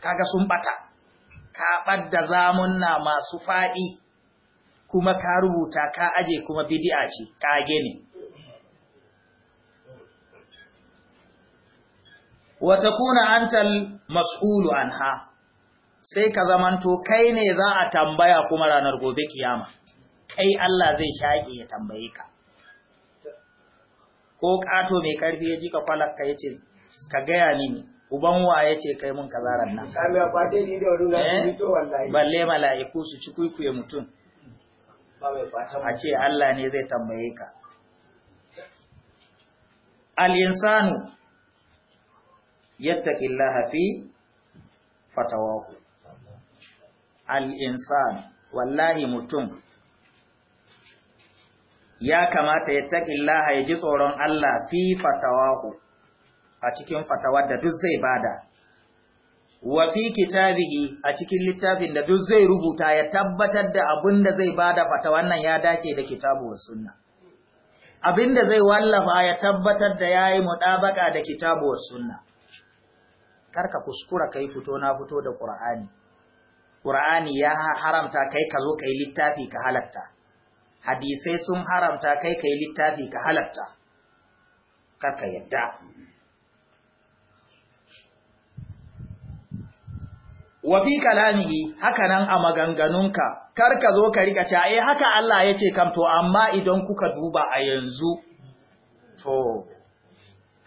kaga sun bata ka ɓadda zamunna masu faɗi kuma ka rubuta ka aje kuma bidi'a ce ka gene wata kuna antal mas'ulu anha sai ka zamanto kai ne za a tambaya kuma ranar gobe kiyama kai Allah zai shaƙe ya tambaye ka ko ƙato mai karfi ya ji ka falakka ya ce ka gaya mini uban wa ya ce kai mun kazaran nan eh? balle mala'iku su ci kuikuye mutum a ce Allah ne zai tambaye ka al'insanu yattaki lahafi fatawahu al'insanu wallahi mutum ya kamata ya laha ya ji tsoron Allah fi fatawahu a cikin fatawar da duk zai bada. Wa fi kitabihi a cikin littafin da duk zai rubuta ya tabbatar da abin da zai bada fatawar nan ya dace da kitabu wa sunna. Abin da zai wallafa ya tabbatar da ya yi muɗabaka da kitabu wa sunna. Karka kuskura kai fito na fito da Ƙur'ani. Ƙur'ani ya haramta kai ka zo kai littafi ka halatta. hadisai sun haramta kai kai littafi ka halatta karka yadda wa fi kalamihi nan a maganganunka karka zo ka rika ta E eh, haka Allah yace kam to amma idan kuka duba a yanzu to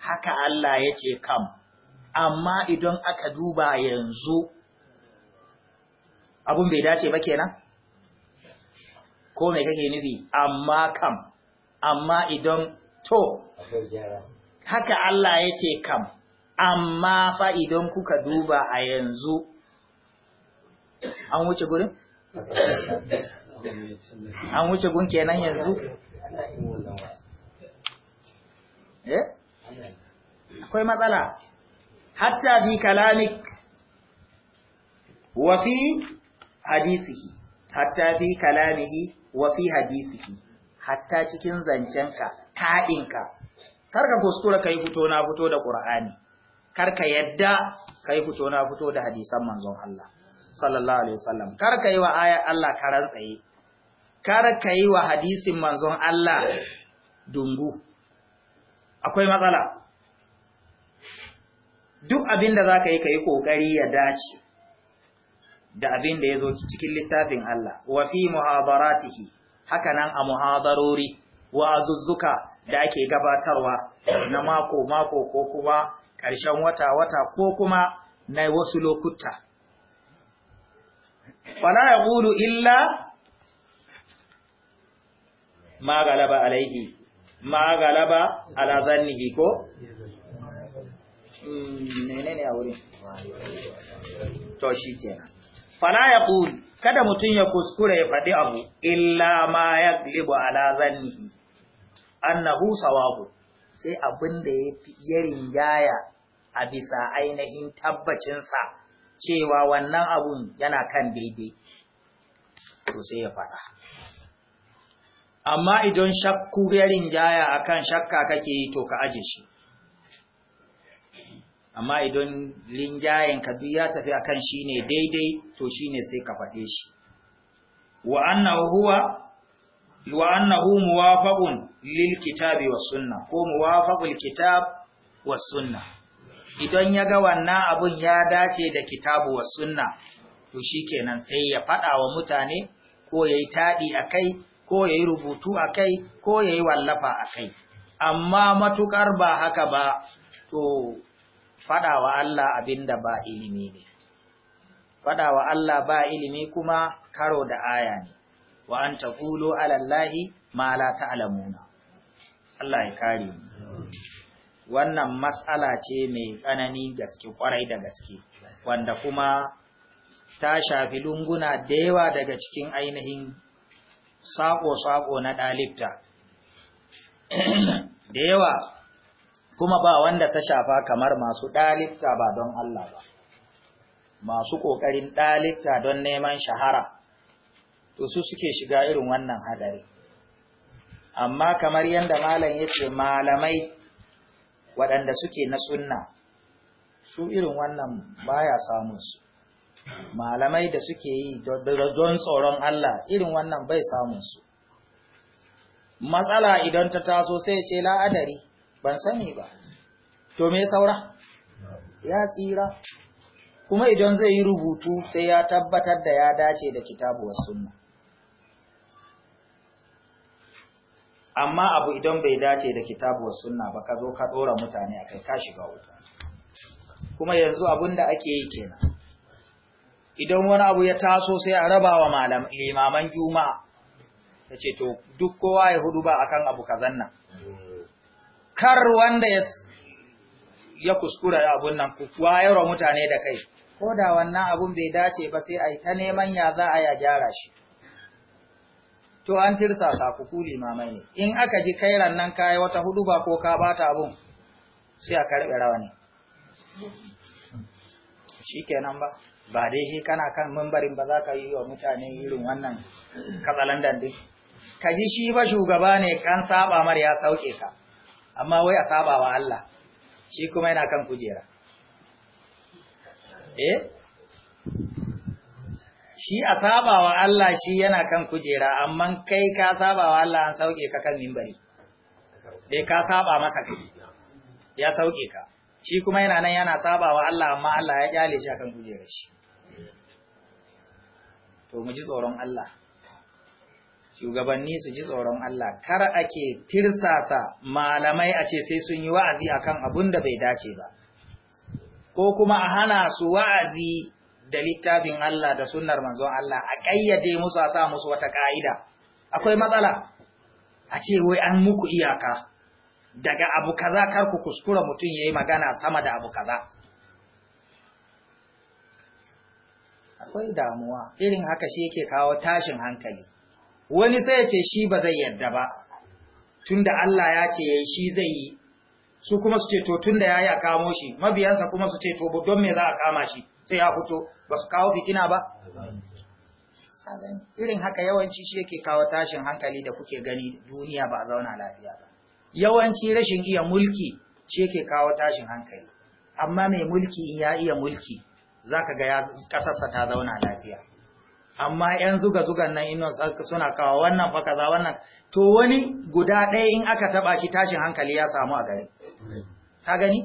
haka Allah yace kam amma idan aka duba yanzu abun bai dace ba kenan ko mai kake nufi amma kam amma idan to haka Allah ya ce kam amma fa idan kuka duba a yanzu an wuce gurin? an wuce gun kenan yanzu? Eh? akwai matsala hatta fi kalamik wafi hadisi. hadisihi hatta fi kalamihi wa fi hadisiki hatta cikin zancenka ta'inka. kar ka kuskura kai fito na fito da qur'ani kar ka yadda kai fito na fito da hadisan manzon Allah sallallahu alaihi wasallam kar ka yi wa ayar Allah karan tsaye kar ka yi wa hadisin manzon Allah dungu akwai matsala duk abinda zaka yi kai kokari ya dace da abin da ya zo cikin littafin Allah, wa fi muhabaratihi, haka nan a muhabarori, wa azuzzuka da ake gabatarwa na mako-mako ko kuma ƙarshen wata-wata ko kuma na wasu lokuta. Fala ya gudu illa ma galaba alaihi, ma galaba ala zannihi ko? Hmm, menene a wurin? To shi kenan. fala ya ƙul kada mutum ya kuskure ya faɗi abu illa ma ya glibu ala zannihi annahu sawabu sai abin da ya ringaya a bisa ainihin tabbacinsa cewa wannan abun yana kan daidai to sai ya faɗa amma idan shakku ya a akan shakka kake yi to ka aje shi amma idan rinjayen ka ya tafi akan ne daidai to shine sai ka faɗe shi wa annahu huwa wa annahu muwafaqun lil kitabi was sunnah ko muwafaqul kitab was sunnah idan ya ga wannan abun ya dace da kitabu was sunnah to shikenan sai ya faɗa wa mutane ko yayi tadi akai ko yayi rubutu akai ko yayi wallafa akai amma matukar ba haka ba to faɗawa Allah abinda ba ilimi ne faɗa wa Allah ba ilimi kuma karo da aya ne wa an ta kulo alallahi ma la alamuna. Allah ya kare mu wannan mas'ala ce mai tsanani gaske kwarai da gaske wanda kuma ta shafi lunguna da yawa daga cikin ainihin sako-sako na dalibta da yawa kuma ba wanda ta shafa kamar masu ɗalibta ba don Allah ba masu ƙoƙarin ɗalitta don neman shahara, to su suke shiga irin wannan hadari. Amma kamar yadda malam ya ce malamai waɗanda suke na sunna, su irin wannan baya samunsu. Malamai da suke yi don tsoron Allah irin wannan bai su. Matsala idan ta taso sai ce la'adari, ban sani ba, to me saura? Ya tsira. kuma idan zai yi rubutu sai ya tabbatar da ya dace da kitabu wa sunna amma abu idan bai dace da kitabu wa sunna ba ka zo ka dora mutane akai ka shiga wuta kuma yanzu abin da ake yi kenan idan wani abu ya taso sai a raba wa limaman juma'a ya ce to duk kowa ya hudu ba akan abu kazan nan kar wanda ya kuskura abun nan kuwa yaro mutane da kai ko da wannan abun bai dace ba sai a yi ta neman ya za a ya gyara shi to an tirsa kuli limamai ne in aka ji kairan nan kayi wata hudu ba ko ka bata abun sai a karbe rawani shi kenan ba ba dai shi kana kan mambarin ba za ka yi wa mutane irin wannan katsalandan din ka ji shi ba shugaba ne kan saba mar ya sauke ka amma wai a saba wa Allah shi kuma yana kan kujera Eh? shi a sabawa Allah shi yana kan kujera amma kai ka sabawa Allah an sauke ka kan mimbari dai eh, ka saba masa kai ya sauke ka shi kuma yana nan yana sabawa Allah amma Allah ya kyale shi akan kujera shi to mu ji tsoron Allah shugabanni su ji tsoron Allah kar ake tirsasa malamai a ce sai sun yi wa'azi akan abun da bai dace ba ko kuma a hana su wa'azi da littafin Allah da sunnar manzon Allah a ƙayyade musu a sa musu wata ƙa'ida akwai matsala a ce wai an muku iyaka daga abu kaza kar ku kuskura mutum yayi magana sama da abu kaza akwai damuwa irin haka shi yake kawo tashin hankali wani sai ya ce shi ba zai yarda ba tunda Allah ya ce yayi shi zai yi su kuma su ce to tun ya yi a kamo shi mabiyansa kuma su ce to don me za a kama shi sai ya fito ba su kawo fitina ba irin haka yawanci shi yake kawo tashin hankali da kuke gani duniya ba zauna lafiya ba yawanci rashin iya mulki shi yake kawo tashin hankali amma mai mulki in ya iya mulki zaka ga kasarsa ta zauna lafiya amma yan zuga zugan nan inon suna kawo wannan fakaza wannan to wani guda ɗaya in aka taɓa shi tashin hankali ya samu a gare. ka gani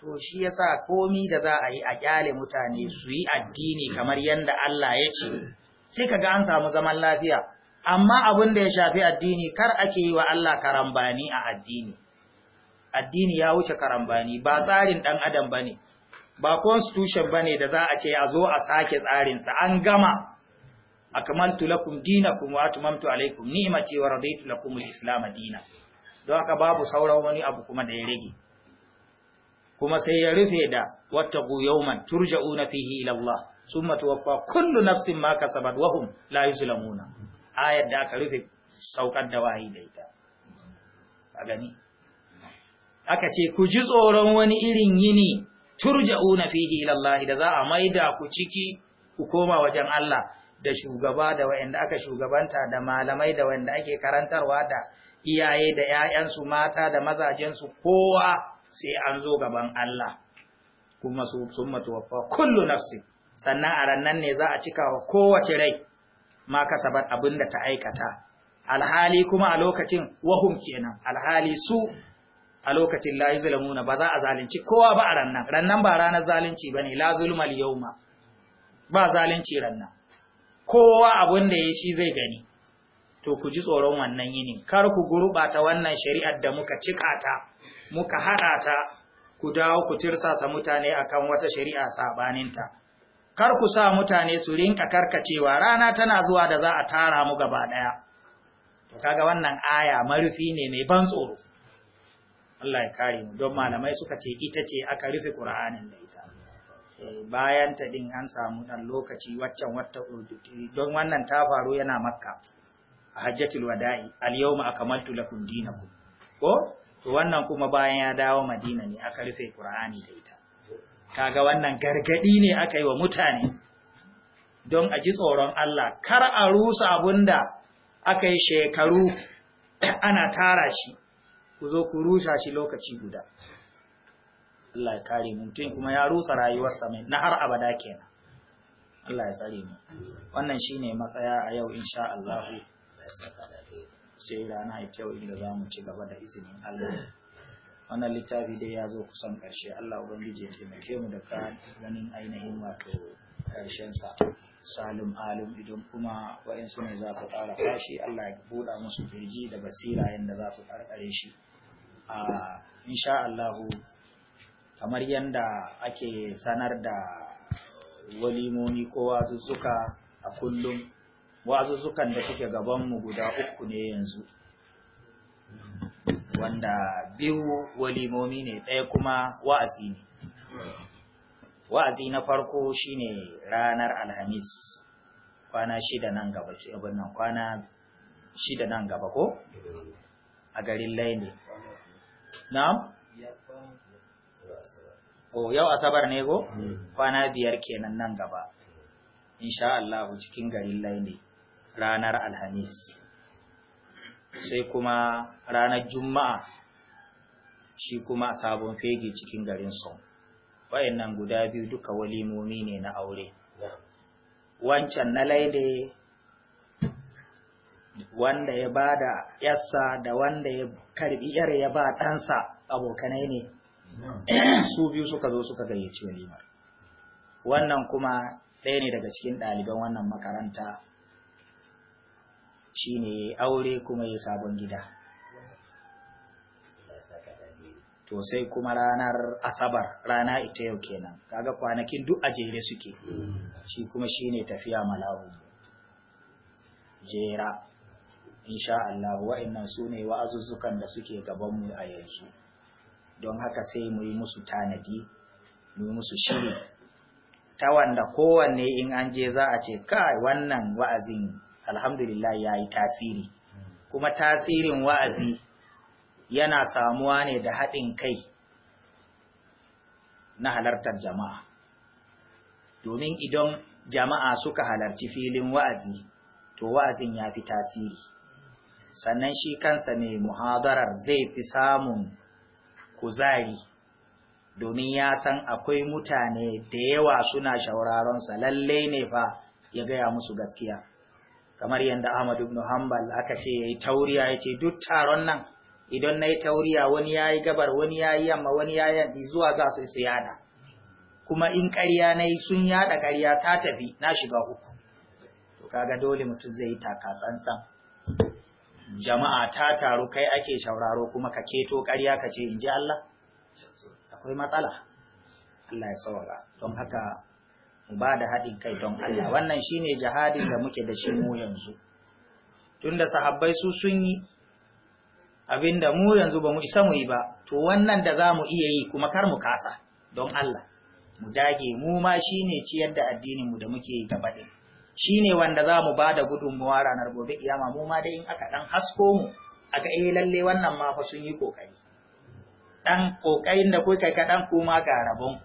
to shi ya sa komi da za a yi a kyale mutane su yi addini kamar yadda Allah ya ce sai ka ga an samu zaman lafiya amma abin da ya shafi addini kar ake yi wa Allah karambani a addini addini ya wuce karambani ba tsarin dan adam bane ba constitution bane da za a ce a zo a sake tsarinsa an gama akmaltu lakum dinakum wa atmamtu alaykum ni'mati wa raditu lakum al-islam dinan don haka babu sauran wani abu kuma da ya rage kuma sai ya rufe da wattaqu yawman turja'una fihi ila Allah thumma tuwaffa kullu nafsin ma kasabat wa hum la yuzlamuna ayat da aka rufe saukar da wahi da ita a gani aka ce ku ji tsoron wani irin yini turja'una fihi ila Allah da za a maida ku ciki ku koma wajen Allah da shugaba da wayanda aka shugabanta da malamai da wayanda ake karantarwa da iyaye da ‘ya'yansu mata da mazajensu kowa sai an zo gaban Allah kuma sun tuwaffa kullu nafsi sannan a rannan ne za a cika wa kowace rai ma kasabar abin da ta aikata alhali kuma a lokacin wahum kenan alhali su a lokacin la yuzlamuna ba za a zalunci kowa ba a rannan rannan ba ranar zalunci bane la zulmal yawma ba zalunci rannan kowa abin da ya shi zai gani to ku ji tsoron wannan yini kar ku gurɓata wannan shari'ar da muka cika ta muka haɗa ta ku dawo ku tirsasa mutane akan wata shari'a sabaninta kar ku sa mutane su rinka karkacewa rana tana zuwa da za a tara mu gaba ɗaya to kaga wannan aya marufi ne mai ban tsoro Allah ya kare mu don malamai suka ce ita ce aka rufe Kur'anin da Eh, bayan ta din an samu ɗan lokaci waccan wata eh, don wannan ta faru yana makka a hajjatul wada'i al-yawma akamaltu lakum dinakum ko to wannan kuma bayan ya dawo madina ne aka rufe qur'ani da ita kaga wannan gargadi ne aka yi wa mutane don a ji tsoron Allah kar a rusa abunda aka yi shekaru ana tara shi ku zo ku rusa shi lokaci guda Allah ya kare mu mutum kuma ya rusa rayuwarsa mai na har abada kenan Allah ya tsare mu wannan shine matsaya a yau insha Allah sai rana ya yau inda za mu ci gaba da izinin Allah wannan littafi dai ya zo kusan ƙarshe Allah ubangiji ya taimake mu da ganin ainihin wato ƙarshen sa salim alim idan kuma waɗansu ne za su ƙara fashi Allah ya buɗa musu firji da basira yadda za su ƙarƙare shi a ah, insha Allahu kamar yadda ake sanar da walimomi ko wazuzzuka a kullum wazuzzukan da suke gabanmu guda uku ne yanzu wanda biyu walimomi ne ɗaya kuma wa'azi ne wa'azi na farko shine ranar alhamis kwana shida nan gaba kwana shida nan gaba ko a garin laini Na? o yau asabar ne go hmm. kwana biyar kenan nan gaba insha Allah cikin garin laini ranar alhamis sai kuma ranar juma'a shi kuma sabon fege cikin garin son wayannan guda biyu duka walimomi ne na aure wancan na laide wanda ya bada yassa da wanda ya karbi yar ya ba ɗansa abokanai ne su biyu suka zo suka gayyaci walimar wannan kuma ɗaya ne daga cikin ɗaliban wannan makaranta shi ne aure kuma ya sabon gida to sai kuma ranar asabar rana ita yau kenan kaga kwanakin duk a jere suke shi kuma shi ne tafiya malawu jera insha'Allah, Allah wa'annan su ne wa'azuzzukan da suke gabanmu a yanzu don haka sai mu yi musu tanadi mu yi musu shiri ta wanda kowanne in an je za a ce kai wannan wa'azin alhamdulillah ya yi tasiri kuma tasirin wa'azi yana samuwa ne da haɗin kai na halartar jama'a domin idan jama'a suka halarci filin wa'azi to wa'azin ya fi tasiri sannan shi kansa ne muhadarar zai fi samun kuzari domin ya san akwai mutane da yawa suna shauraronsa lalle ne fa ya gaya musu gaskiya kamar yadda Ahmad ibn Hanbal aka ce yayi tauriya yace duk taron nan idan nayi tauriya wani yayi gabar wani yayi yamma wani yayi yadi zuwa za su su yada kuma in ƙarya nayi sun yada ƙarya ta tafi na shiga uku to kaga dole mutum zai taka tsantsan jama'a ta taru kai ake shauraro kuma ka keto ƙarya ka ce in ji Allah akwai matsala Allah ya saurara don haka ba da haɗin kai don Allah wannan shi ne jihadin da muke da shi mu yanzu tunda sahabbai su sun yi abinda mu yanzu ba mu isa mu yi ba to wannan da za mu iya yi kuma kar mu kasa don Allah mu dage mu ma shi ne ciyar da addinin mu da muke yi gaba ɗin Shi ne wanda za mu ba da gudunmuwa ranar gobe kiyama mu ma dai in aka dan hasko mu aka eh lalle wannan ma fa sun yi kokari dan kokarin da kuka ka dan kuma ga rabon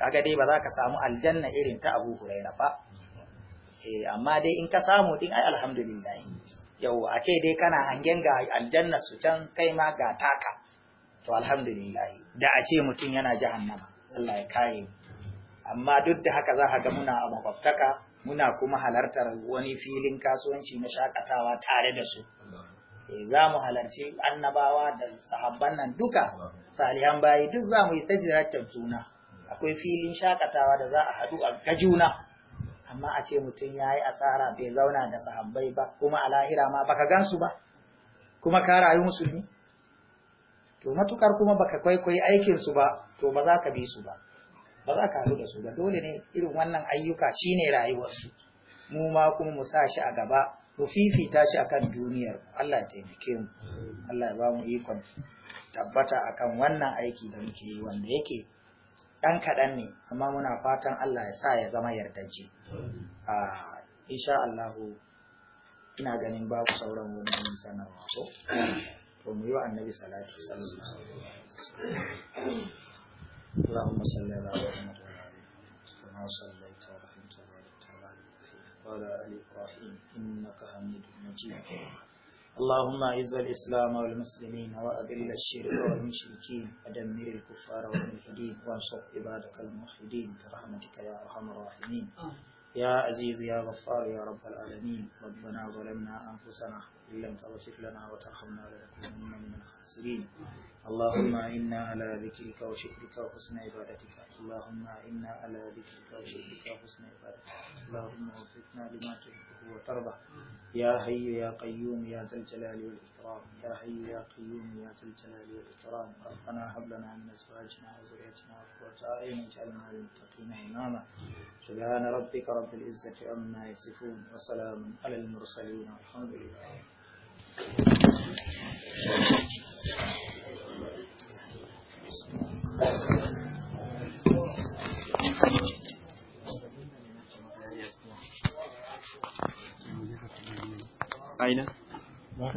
kaga dai ba za ka samu aljanna irin ta Abu Hurairah ba eh amma dai in ka samu din ai alhamdulillah yau a ce dai kana hangen ga aljanna su can kai ma ga taka to alhamdulillah da a ce mutum yana jahannama Allah ya kare mu amma duk da haka za a ga muna makwabtaka muna kuma halartar wani filin kasuwanci na shakatawa tare da su eh, za mu halarci annabawa da sahabban nan duka salihan bayi duk za mu yi ta ziyartar juna akwai filin shakatawa da za a haɗu a ga juna amma a ce mutum ya yi asara bai zauna da sahabbai ba kuma a lahira ma baka gansu ba kuma ka rayu musulmi to matukar kuma baka kwaikwayi aikinsu ba to ba za ka bi su ba ba za ka haɗu da su ba dole ne irin wannan ayyuka shine rayuwarsu mu ma kuma mu sa shi a gaba mu fifita shi akan duniyar Allah ya taimake mu Allah ya ba mu ikon tabbata akan wannan aiki da muke yi wanda yake dan kaɗan ne amma muna fatan Allah ya sa ya zama yardaje a insha Allah ina ganin babu sauran wani sanarwa ko to mu yi wa annabi salati sallallahu alaihi wasallam اللهم صل على محمد وعلى آل محمد كما صليت ورحمت وباركت على آل إبراهيم وعلى آل إبراهيم إنك حميد مجيد اللهم أعز الإسلام والمسلمين وأذل الشرك والمشركين ودمر الكفار والملحدين وانصر عبادك الموحدين برحمتك يا أرحم الراحمين يا عزيز يا غفار يا رب العالمين ربنا ظلمنا أنفسنا إن لم تغفر لنا وترحمنا لنكونن من الخاسرين اللهم إنا على ذكرك وشكرك وحسن عبادتك اللهم إنا على ذكرك وشكرك وحسن عبادتك اللهم وفقنا لما تحبه وترضى يا حي يا قيوم يا ذا الجلال والإكرام يا حي يا قيوم يا ذا الجلال والإكرام ربنا هب لنا من أزواجنا وذريتنا قرة أعين واجعلنا للمتقين إماما سبحان ربك رب العزة عما يصفون وسلام على المرسلين والحمد لله Thank you. aina